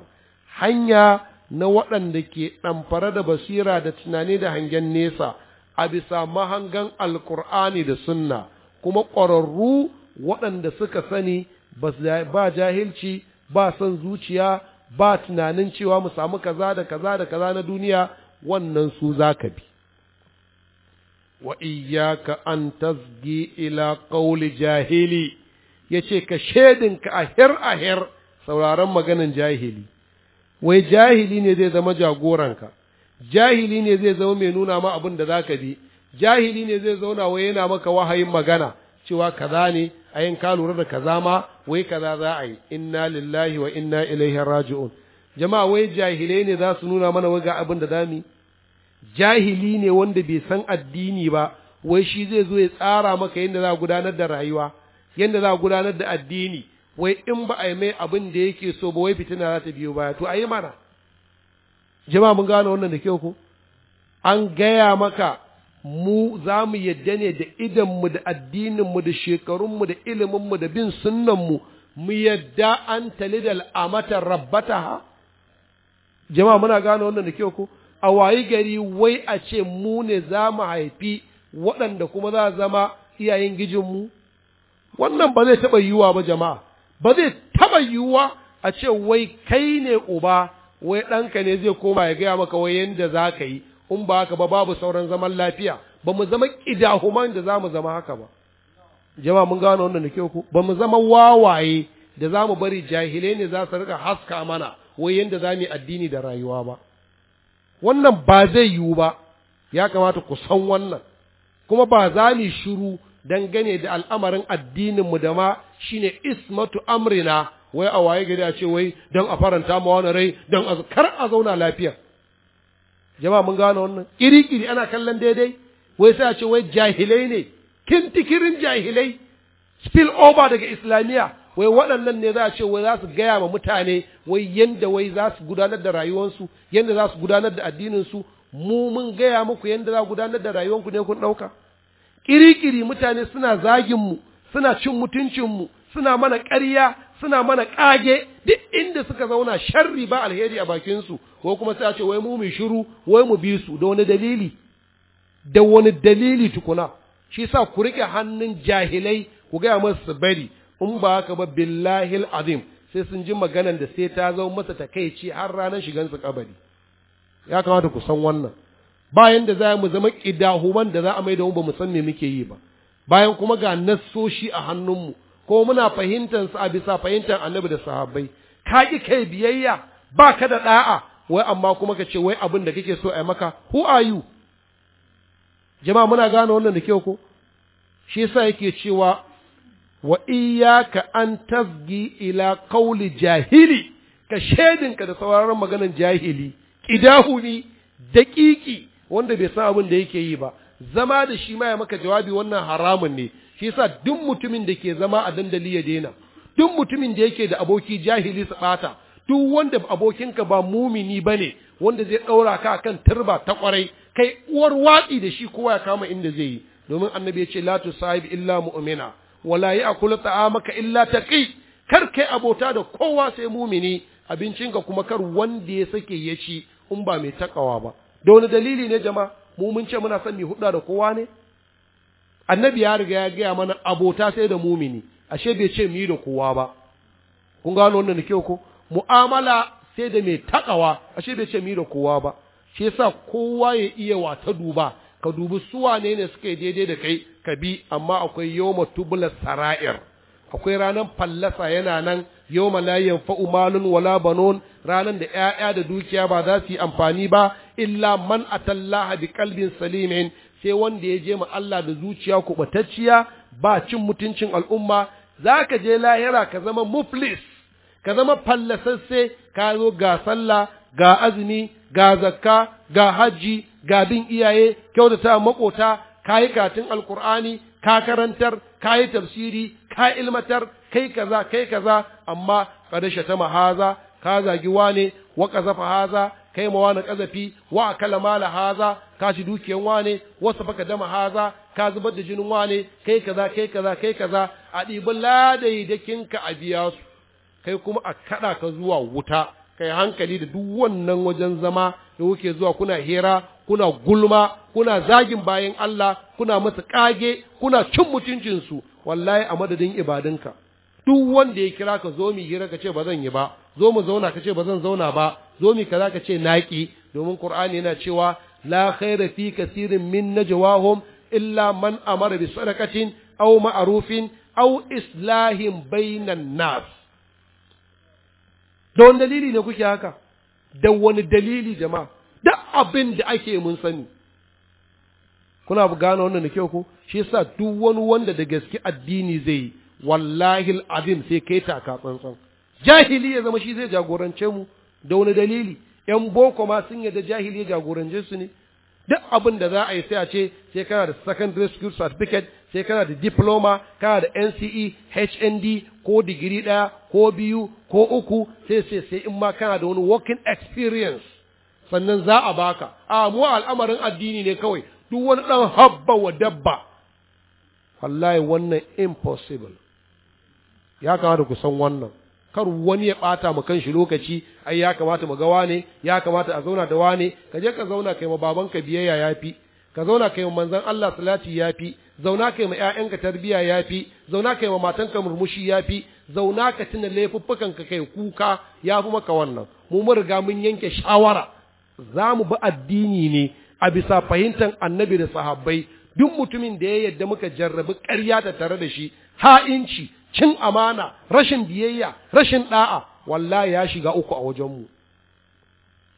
hanya na waɗanda ke ɗamfara da basira da tunani da hangen nesa a bisa mahangan alkur'ani da sunna kuma ƙwararru waɗanda suka sani ba jahilci ba son zuciya ba tunanin cewa mu samu kaza da kaza da kaza na duniya wannan su za ka bi wa iyyaka an tasgi ila qawli jahili yace ka shedinka ahir ahir sauraron maganan jahili wai jahili ne zai zama jagoranka jahili ne zai zama mai nuna ma abin da zaka bi jahili ne zai zauna wai yana maka wahayin magana cewa kaza ne a yin ka lura da kaza ma wai kaza za a yi inna lillahi wa inna ilaihi raji'un jama'a wai jahilai ne za su nuna mana waga abin da zamu jahili ne wanda bai san addini ba wai shi zai zo ya tsara maka yadda za a gudanar da rayuwa yadda za a gudanar da addini wai in ba a yi mai abin da yake so ba wai fitina za ta biyo baya to a yi mana jama'a mun gane wannan da kyau ko an gaya maka mu za mu yadda ne da idanmu da addininmu da shekarunmu da iliminmu da bin sunnanmu mu yadda an talidal amata rabbataha jama'a muna gane wannan da kyau ko a wayi gari wai a ce mu ne za mu haifi waɗanda kuma za zama iyayen gijinmu wannan ba zai taɓa yiwuwa ba jama'a ba zai taba yiwuwa a ce wai kai ne uba wai ɗanka ne zai koma ya gaya maka wai yadda za ka yi in ba haka ba babu sauran zaman lafiya ba mu zama ƙidahuman da za mu zama haka ba jama'a mun gano wannan da kyau ku ba mu zama wawaye da za mu bari jahilai ne za su rika haska mana wai yadda za mu yi addini da rayuwa ba wannan ba zai yiwu ba ya kamata ku san wannan kuma ba za mu shiru dangane da al'amarin addininmu da ma shine ismatu amrina wai a waye gari a ce wai don a faranta ma wani rai don kar a zauna lafiya jama'a mun gane wannan kiri-kiri ana kallon daidai wai sai a ce wai jahilai ne kintikirin jahilai spill over daga islamiyya wai waɗannan ne za a ce wai za su gaya ma mutane wai yanda wai za su gudanar da rayuwarsu yanda za su gudanar da addininsu mu mun gaya muku yanda za gudanar da rayuwanku ne kun ɗauka kirikiri mutane suna zaginmu suna cin mutuncinmu suna mana ƙarya suna mana ƙage duk inda suka zauna sharri ba alheri a bakinsu ko kuma sai a ce wai mu mu shiru wai mu bi su da wani dalili da wani dalili tukuna shi sa ku rike hannun jahilai ku gaya masu bari in ba haka ba billahil azim sai sun ji maganan da sai ta zama masa takaici har ranar shigansu kabari ya kamata ku san wannan bayan da za mu zama kidahuman da za a mai da mu ba mu san me muke yi ba bayan kuma ga nassoshi a hannunmu ko muna fahimtar su a bisa fahimtar annabi da sahabbai ka ki kai biyayya ba ka da da'a wai amma kuma ka ce wai abin da kake so a yi maka who are you jama'a muna gane wannan da kyau ko shi yasa yake cewa wa iyyaka an tasgi ila qawli jahili ka shedinka da sauraron maganar jahili kidahumi daƙiƙi wanda bai san abin da yake yi ba zama da shi ma ya maka jawabi wannan haramun ne shi yasa duk mutumin da ke zama a dandali ya daina duk mutumin da yake da aboki jahili su bata duk wanda abokinka ba mumini ne wanda zai daura ka akan turba ta kwarai kai uwar watsi da shi kowa ya kama inda zai yi domin annabi ya ce la sahib illa mu'mina wala ya'kulu ta'amaka illa taqi kar kai abota da kowa sai mumini abincinka kuma kar wanda ya sake ya ci in ba mai takawa ba da wani dalili ne jama'a mu mun ce muna son mu huɗa da kowa ne annabi ya riga ya gaya mana abota sai da mumini ashe bai ce mu yi da kowa ba kun gano wannan da kyau ko mu'amala sai da mai takawa ashe bai ce mu yi da kowa ba shi yasa kowa ya iya wata duba ka dubi su wane ne suka yi daidai da kai ka bi amma akwai yawma tubula sara'ir akwai ranar fallasa yana nan yawma la yanfa'u malun wala banun ranan da 'ya'ya da dukiya ba za su yi amfani ba illa man atallaha bi qalbin salimin sai wanda ya je ma Allah da zuciya kubatacciya ba cin mutuncin al'umma zaka je lahira ka zama muflis ka zama fallasasse ka zo ga sallah ga azumi ga zakka ga hajji ga bin iyaye kyautata makota kayi katin alkur'ani ka karantar kayi tafsiri ka ilmatar kai kaza kai kaza amma ka ta mahaza ka zagi wane wa zafa haza kai ma wani kazafi wa ma mala haza ka shi dukiyan wane wasu baka dama haza ka zubar da jinin wane kai kaza kai kaza kai kaza a ɗibi ladai da kinka a biya su kai kuma a kada ka zuwa wuta kai hankali da duk wannan wajen zama da kuke zuwa kuna hira kuna gulma kuna zagin bayan Allah kuna masa kage kuna cin mutuncinsu wallahi a madadin ibadinka duk wanda ya kira ka zo mu hira ka ce ba zan yi ba zo mu zauna ka ce ba zan zauna ba zo mu kaza ka ce naki domin qur'ani yana cewa la khaira fi kasirin min najwahum illa man amara bi sadaqatin aw ma'rufin aw islahin bainan nas da wani dalili ne kuke haka da wani dalili jama'a Da abin da ake mun sani kuna gane wannan da kyau ko shi yasa duk wani wanda da gaske addini zai yi wallahi azim sai kai taka tsantsan jahili ya zama shi zai jagorance mu da wani dalili yan boko ma sun yadda jahili ya jagorance su ne duk abin da za a yi sai a ce sai kana da secondary school certificate sai kana da diploma kana da NCE HND ko digiri daya ko biyu ko uku sai sai sai in ma kana da wani working experience sannan za a baka a mu al'amarin addini ne kawai duk wani dan habba wa dabba wallahi wannan impossible ya kamata ku san wannan kar wani ya bata mu kanshi lokaci ai ya kamata mu ga wane ya kamata a zauna da wane ka je ka zauna kai ma babanka biyayya yafi ka zauna kai ma manzon Allah salati yafi zauna kai ma ƴaƴanka tarbiya yafi zauna kai ma matanka murmushi yafi zauna ka tuna laifuffukan ka kai kuka yafi maka wannan mu mun riga mun yanke shawara za mu bi addini ne a bisa fahimtar annabi da sahabbai duk mutumin da ya yadda muka jarrabi ƙarya ta tare da shi ha'inci cin amana rashin biyayya rashin ɗa'a wallahi ya shiga uku a wajenmu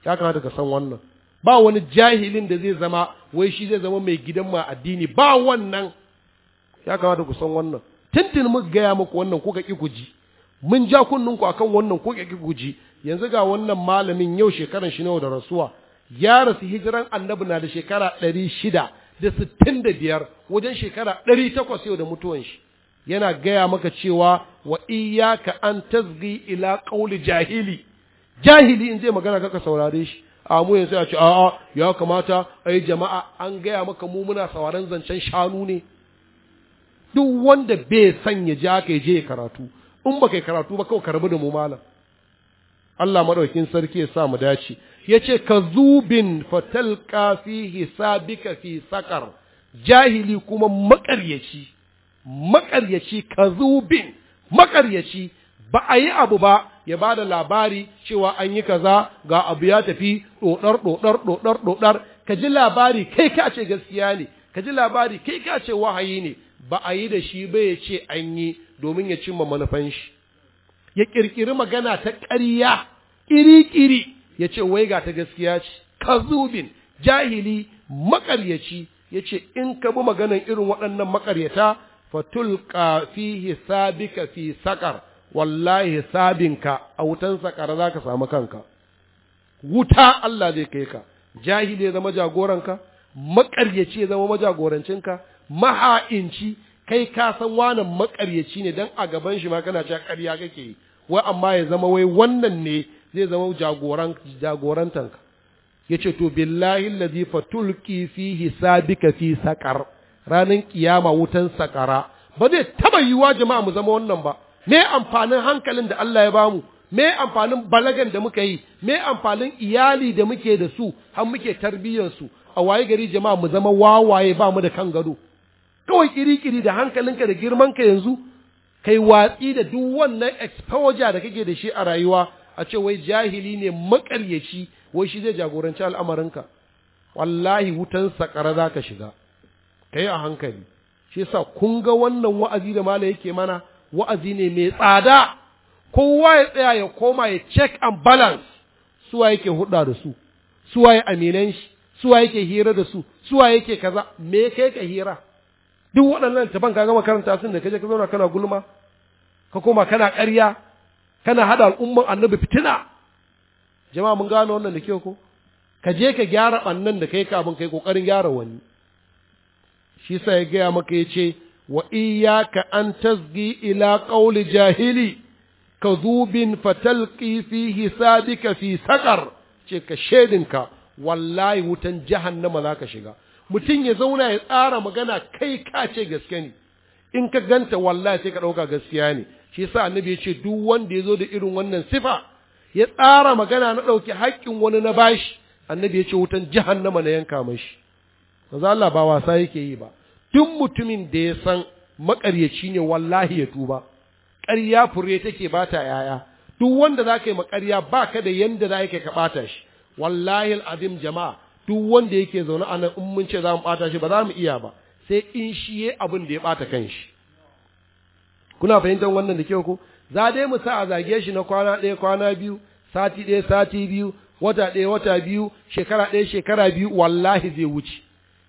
ya kamata ka san wannan ba wani jahilin da zai zama wai shi zai zama mai gidan ma addini ba wannan ya kamata ku san wannan tintin muka gaya muku wannan kuka ki guji mun ja kunninku akan wannan kuka ki guji yanzu ga wannan malamin yau shekaran shi nawa da rasuwa ya rasu hijiran annabi na da shekara ɗari shida da sittin da biyar wajen shekara ɗari takwas yau da mutuwan shi yana gaya maka cewa wa iyyaka an tazgi ila qauli jahili jahili in zai magana kaka saurare shi a mu yanzu a ce a'a ya kamata ai jama'a an gaya maka mu muna sauraron zancen shanu ne duk wanda bai san ya ji aka je karatu in baka karatu ba kawai karbi da mu malam Allah madaukin sarki ya sa mu dace yace ka zubin fatalqa fi sabika fi sakar jahili kuma makaryaci Maƙaryaci kazubin maƙaryaci ba a yi abu ba ya ba da labari cewa an yi kaza ga abu ya tafi ɗoɗar ɗoɗar ɗoɗar ɗoɗar ka ji labari kai ka ce gaskiya ne ka ji labari kai ka ce wahayi ne ba a yi da shi ba ya ce an yi domin ya cimma manufan shi ya ƙirƙiri magana ta ƙarya ƙiri-ƙiri ya ce wai ga ta gaskiya ce kazubin jahili maƙaryaci ya ce in ka bi maganan irin waɗannan maƙaryata fatulqa fihi sabika fi saqar wallahi sabinka a wutan sakara zaka samu kanka wuta Allah zai kai ka Jahil ya zama jagoranka maƙaryaci ya zama majagorancinka maha'inci kai ka san wannan makaryaci ne dan a gaban shi ma kana cewa ƙarya kake yi wai amma ya zama wai wannan ne zai zama jagoran jagorantanka yace to billahi allazi fatulqi fi hisabika fi saqar Ranin kiyama wutan sakara ba zai taba yiwuwa jama'a mu zama wannan ba me amfanin hankalin da Allah ya bamu me amfanin balagan da muka yi me amfanin iyali da muke da su har muke tarbiyyar su a waye gari jama'a mu zama wawaye ba mu da kan gado kawai kirikiri da hankalinka da girman ka yanzu kai watsi da duk wannan exposure da kake da shi a rayuwa a ce wai jahili ne makaryaci wai shi zai jagoranci al'amarinka wallahi wutan sakara za ka shiga ka yi a hankali shi yasa kun ga wannan wa'azi da mala yake mana wa'azi ne mai tsada kowa ya tsaya ya koma ya check and balance suwa yake hudda da su suwa ya aminan shi suwa yake hira da su suwa yake kaza me kai ka hira duk waɗannan taban ka gama karanta sun da kaje ka zauna kana gulma ka koma kana ƙarya kana hada al'umman annabi fitina jama'a mun gano wannan da kyau ko ka je ka gyara ɓannan da kai ka abin kai ƙoƙarin gyara wani shi sa ya gaya maka ya ce wa ka an tasgi ila ƙauli jahili ka zubin fatalƙi fi ka fi saƙar ce ka shedinka wallahi wutan jahannama za ka shiga mutum ya zauna ya tsara magana kai ka ce gaske ne in ka ganta wallahi sai ka ɗauka gaskiya ne shi sa annabi ya ce duk wanda ya zo da irin wannan sifa ya tsara magana na ɗauki haƙƙin wani na bashi annabi ya ce wutan jahannama na yanka mashi maza Allah ba wasa yake yi ba duk mutumin da ya san makaryaci ne wallahi ya tuba ƙarya fure take ba ta yaya duk wanda za ka yi makarya ba ka da yadda za ka ɓata shi wallahi azim jama'a duk wanda yake zaune a nan in mun ce za mu ɓata shi ba za mu iya ba sai in shi ya abin da ya ɓata kan shi kuna fahimtar wannan da kyau ko za dai mu sa a zage shi na kwana ɗaya kwana biyu sati ɗaya sati biyu wata ɗaya wata biyu shekara ɗaya shekara biyu wallahi zai wuce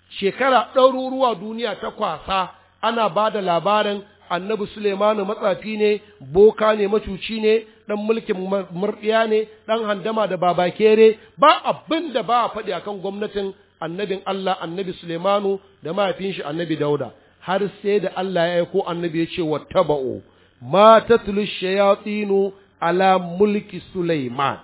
shekara ɗaruruwa duniya ta kwasa ana ba da labarin annabi Sulemanu matsafi ne boka ne macuci ne ɗan mulkin murɗiya ne ɗan handama da babakere ba abin da ba a faɗi akan gwamnatin annabin Allah annabi Suleimanu da mahaifin shi annabi Dauda har sai da Allah ya aiko annabi ya ce wa taba'u ma ya shayatinu ala mulki Sulaiman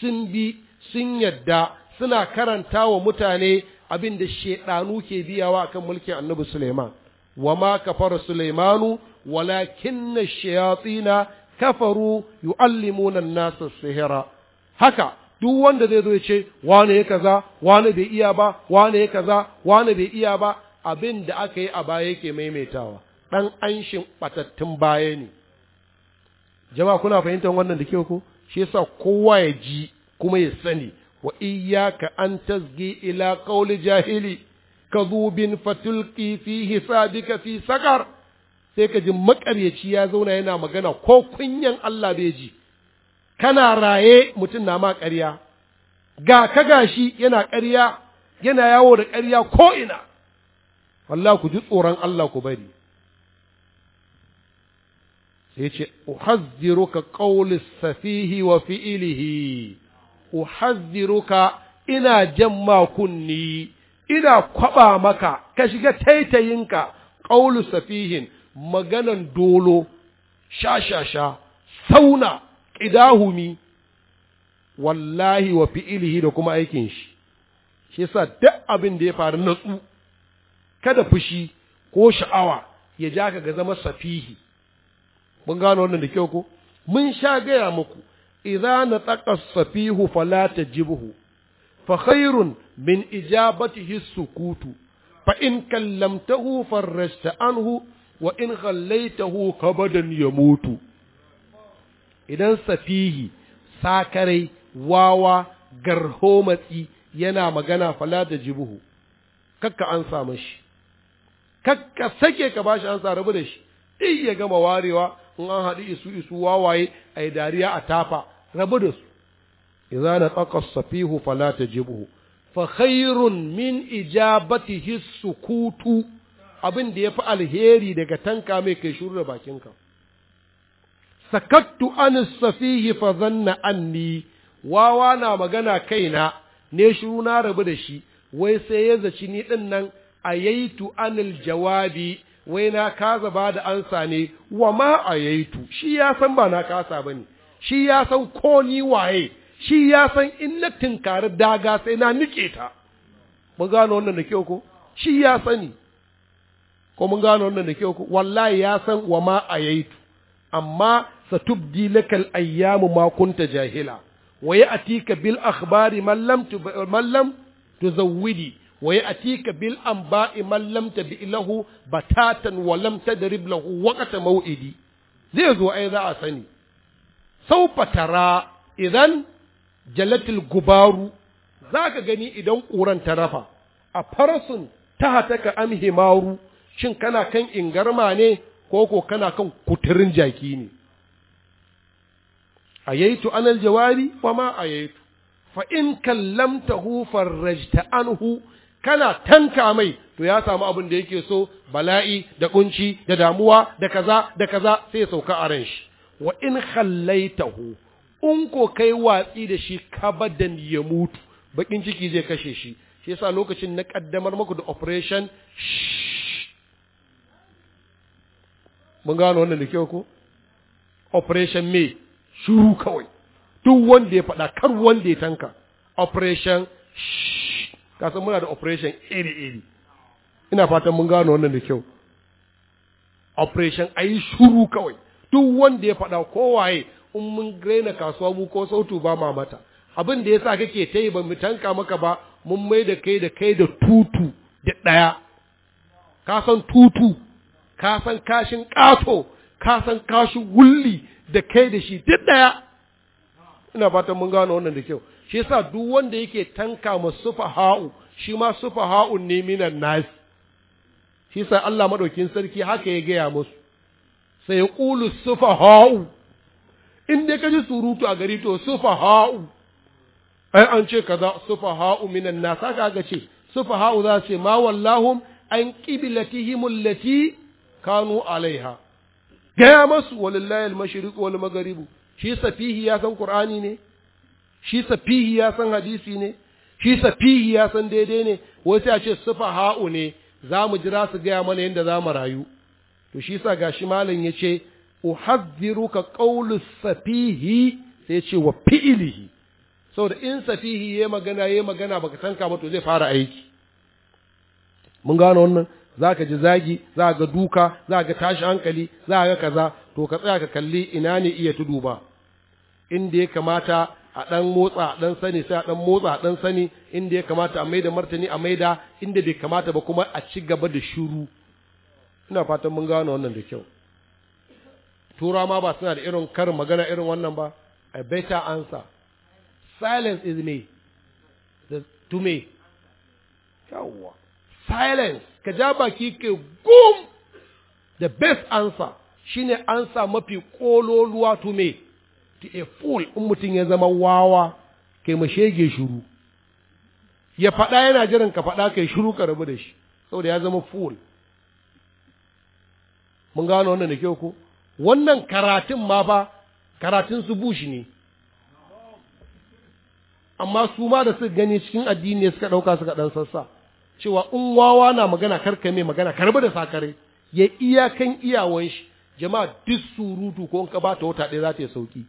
sun bi sun yadda suna karanta wa mutane abin da shedanu ke biyawa kan mulkin annabi Suleiman wa ma kafara Suleimanu walakinna shayatina kafaru yu'allimuna an-nasa sihra haka duk wanda zai zo ya ce wane ya kaza wane bai iya ba wane ya kaza wane bai iya ba abin da aka yi a baya yake maimaitawa ɗan anshin batattun baya ne jama'a kuna fahimtar wannan da ke ko shi yasa kowa ya ji kuma ya sani wa iyyaka an tasgi ila qawli jahili kadhubin fatulqi fi hisabika fi sakar sai ka ji makaryaci ya zauna yana magana ko kunyan Allah bai ji kana raye mutum na ma ƙarya ga ka gashi yana ƙarya yana yawo da ƙarya ko ina Allah ku ji tsoron Allah ku bari sai ce uhazziruka qawli safihi wa fi'ilihi uhadhiruka ina jamma kunni ina kwaba maka ka shiga taitayinka qaulu safihin maganan dolo sha sha sha sauna ƙidahumi. wallahi wa fi'ilihi da kuma aikin shi shi sa duk abin da ya faru natsu kada fushi ko sha'awa ya ja ka ga zama safihi mun gano wannan da kyau ko mun sha gaya muku na nataqa safihu fala tajibhu fa khairun min ijabatihi sukutu fa in kallamtahu farrajta anhu wa in khallaitahu kabadan yamutu idan safihi sakarai wawa garhomatsi yana magana fala da jibuhu kakka an sa mashi kakka sake ka bashi ansa rabu da shi in ya gama warewa in an haɗu isu isu wawaye a yi dariya a tafa rabu da su Iza na tsakas safihu fala jibu, fa khairun min hisu kutu abin da ya fi alheri daga tanka mai kai shuru da bakinka sakattu an safihi fa zanna anni wawa na magana kaina ne shiru na rabu da shi wai sai ya zaci ni din nan ayaitu anil jawabi wai na kaza ba da ansa ne wa ma a yaitu shi ya san ba na kasa bane shi ya san ko ni waye shi ya san in na tinkari daga sai na nike ta mun gano wannan da kyau ko shi ya sani ko mun gano wannan da kyau ko wallahi ya san wa ma a yaitu amma satubdi lakal ayyamu ma kunta jahila wa ya'tika bil akhbari man lam man lam wa ya'tika bil anba'i man lam tabi lahu batatan wa lam tadrib lahu waqta maw'idi zai zo ai za a sani saufa tara idan jalatil gubaru zaka gani idan ƙuran ta rafa a farasun tahataka am himaru shin kana kan ingarma ne ko ko kana kan kuturin jaki ne ayaitu anal jawabi wa ma ayaitu fa in kallamtahu farrajta anhu kana tanka mai to ya samu abin da yake so bala'i da kunci da damuwa da kaza da kaza sai sauka a ran shi wa in khallaitahu in ko kai watsi da shi kabadan ya mutu bakin ciki zai kashe shi shi yasa lokacin na kaddamar muku da operation mun gano wannan da kyau ko operation me shuru kawai duk wanda ya faɗa kar wanda ya tanka operation shh kasan muna da operation iri-iri ina fatan mun gano wannan da kyau operation a yi shuru kawai duk wanda ya faɗa kowaye in mun raina kasuwa mu ko sautu ba ma mata abin da ya sa kake ta yi ba mu tanka maka ba mun mai da kai da kai da tutu da ɗaya ka san tutu ka san kashin ƙato ka san kashin wulli da kai da shi duk ɗaya ina fatan mun gano wannan da kyau shi yasa duk wanda yake tanka ma sufaha'u shi ma ha'u ne minan nasi shi yasa Allah madaukin sarki haka ya gaya musu sai qulu sufaha'u in dai kaji surutu a gari to sufaha'u ai an ce kaza sufaha'u minan nasi haka ga ce sufaha'u za ce ma wallahum an qiblatihim allati kanu alaiha gaya masu walillahi al-mashriq wal magharibu shi safihi ya san qur'ani ne shi safihi ya san hadisi ne shi safihi ya san daidai ne wasu a ce sufa ha'u ne za mu jira su gaya mana yadda za mu rayu to shi sa gashi malam ya ce ka qawlu safihi sai ya ce wa fi'ilihi saboda in safihi ya magana ya magana baka tanka ba to zai fara aiki mun gano wannan za ka ji zagi za ga duka za ga tashi hankali za ga kaza to ka tsaya ka kalli ina ne iya tudu ba inda ya kamata a ɗan motsa a ɗan sani sai a ɗan motsa a ɗan sani inda ya kamata a maida martani a maida inda bai kamata ba kuma a ci gaba da shuru ina fatan mun gano wannan da kyau tura ma ba suna da irin karin magana irin wannan ba a better answer silence is me the, to me yawwa silence ka ja baki ke gum the best answer shine ansa mafi kololuwa to me ti e in mutum ya zama wawa kai mashege shuru ya faɗa yana jiran ka faɗa kai shuru ka rabu da shi saboda ya zama fool mun gano wannan da ke ko wannan karatun ma fa karatun su bushi ne amma su ma da su gani cikin addini ne suka ɗauka suka ɗan sassa cewa in wawa na magana karka mai magana karbu da sakare ya iyakan iyawan shi jama'a duk surutu ko in ka ba ta wata ɗaya za ta yi sauki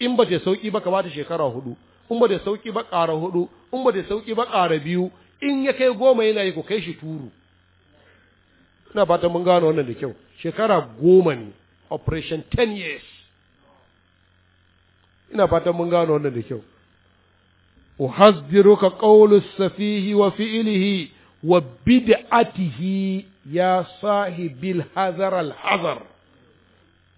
in ba ta sauki ba ka ba ta shekara hudu in ba ta sauki ba ƙara hudu in ba ta sauki ba ƙara biyu in ya kai goma yana yi ku kai shi turu ina fatan mun gano wannan da kyau shekara goma ne operation ten years ina fatan mun gano wannan da kyau uhazziruka qawlu safihi wa fi'lihi wa bid'atihi ya sahibil hazar al hazar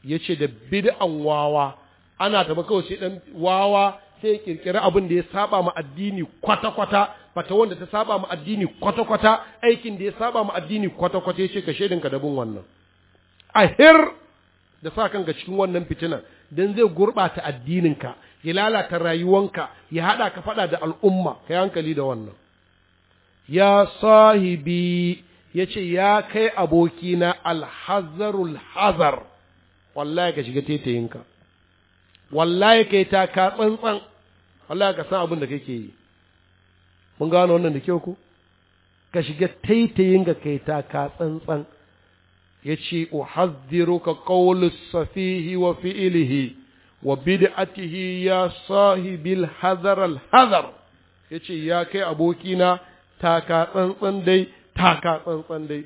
yace da bid'an wawa ana tafi kawai sai dan wawa sai ya kirkiri abin da ya saba ma addini kwata-kwata fata wanda ta saba ma addini kwata-kwata aikin da ya saba ma addini kwata-kwata ya ka shaidin ka dabin wannan a hir da sa kanka cikin wannan fitinan dan zai gurɓata addininka ya lalata rayuwanka ya haɗa ka faɗa da al'umma ka hankali da wannan ya sahibi ya ce ya kai abokina alhazarul hazar wallahi ka shiga tetayinka wallahi kai ta ka tsantsan wallahi ka san abin da kake yi mun gano wannan da kyau ko ka shiga taitayin ga kai ta ka tsantsan yace ka qawlu safihi wa fi'lihi wa bid'atihi ya sahibil hadar al hadar yace ya kai abokina ta ka tsantsan dai ta ka tsantsan dai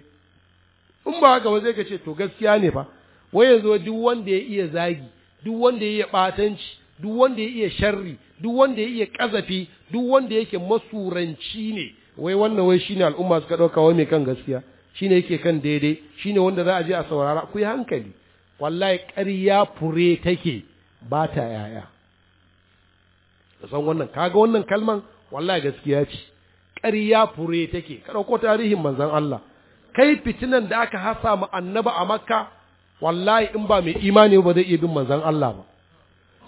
in ba haka ba zai ka ce to gaskiya ne fa wai yanzu duk wanda ya iya zagi duk wanda ya iya batanci duk wanda ya iya sharri duk wanda ya iya kazafi duk wanda yake masuranci ne wai wannan wai shine al'umma suka dauka wai mai kan gaskiya shine yake kan daidai shine wanda za a je a saurara ku yi hankali wallahi ƙarya fure take ba ta yaya san wannan kaga wannan kalman wallahi gaskiya ce ƙarya fure take ka dauko tarihin manzon Allah kai fitinan da aka hasa mu annaba a makka wallahi in ba mai imani ba zai iya bin manzan Allah ba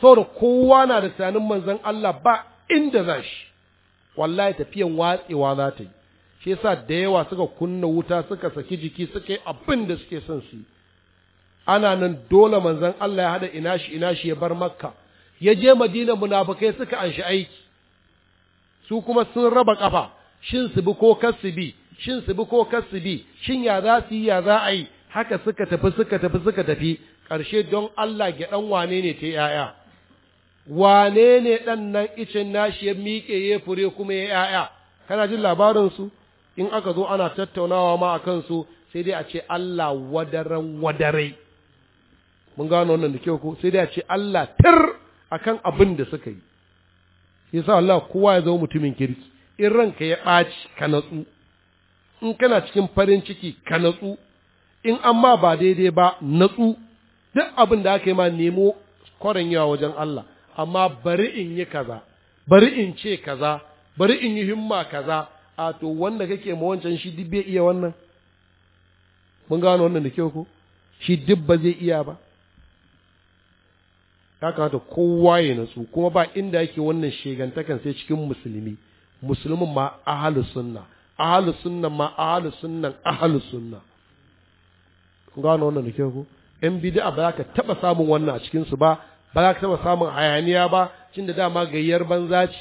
saboda kowa na da sanin manzan Allah ba inda za shi wallahi tafiyan watsewa za ta yi shi yasa da yawa suka kunna wuta suka saki jiki suka yi abin da suke son su ana nan dole manzan Allah ya hada ina shi ina shi ya bar makka ya je madina munafukai suka anshi aiki su kuma sun raba kafa shin su bi ko kar su bi shin su bi ko kar su bi shin ya za su yi ya za a yi haka suka tafi suka tafi suka tafi ƙarshe don Allah gyaɗan wane ne ta ‘ya'ya wane ne ɗan nan icin nashi ya miƙe ya fure kuma ya ‘ya'ya kana jin labarinsu in aka zo ana tattaunawa ma a kansu sai dai a ce Allah wadaran wadarai mun gano wannan da kyau ko sai dai a ce Allah tir akan abin da suka yi yasa Allah kowa ya zama mutumin kirki in ranka ya ɓaci ka natsu in kana cikin farin ciki ka natsu in an ma ba daidai ba natsu duk abin da aka yi ma nemo kwaran yawa wajen Allah amma bari in yi kaza bari in ce kaza bari in yi himma kaza a to wanda kake ma wancan shi duk bai iya wannan mun gano wannan da kyau ko shi duk ba zai iya ba ya kamata kowa ya natsu kuma ba inda yake wannan shegantakan sai cikin musulmi musulmin ma ahalu sunna ahalu sunna ma ahalu sunna ahalu sunna kun gano wannan da ke ku? yan bid'a ba za ka taɓa samun wannan a cikinsu ba ba za ka taɓa samun hayaniya ba cin da dama gayyar banza ce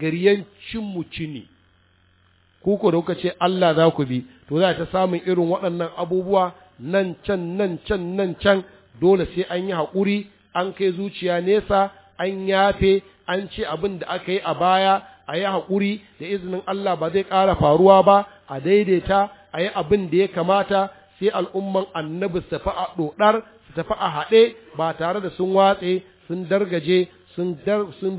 gariyan cin muci ne ku ko da kuka ce Allah za ku bi to za ta samun irin waɗannan abubuwa nan can nan can nan can dole sai an yi haƙuri an kai zuciya nesa an yafe an ce abin da aka yi a baya a yi haƙuri da izinin Allah ba zai ƙara faruwa ba a daidaita a yi abin da ya kamata sai al'umman annabi su tafi a ɗoɗar su tafi a haɗe ba tare da sun watse sun dargaje sun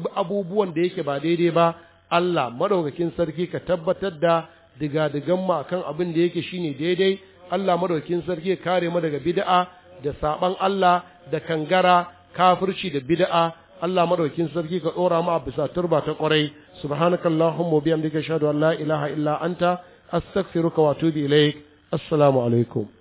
bi abubuwan da yake ba daidai ba Allah madaukakin sarki ka tabbatar da diga-digan mu kan abin da yake shine daidai Allah madaukakin sarki kare mu daga bid'a da saban Allah da kangara kafirci da bid'a Allah madaukakin sarki ka dora mu a bisa turba ta kwarai subhanakallahumma bihamdika ashhadu an la ilaha illa anta astaghfiruka wa atubu ilaik السلام عليكم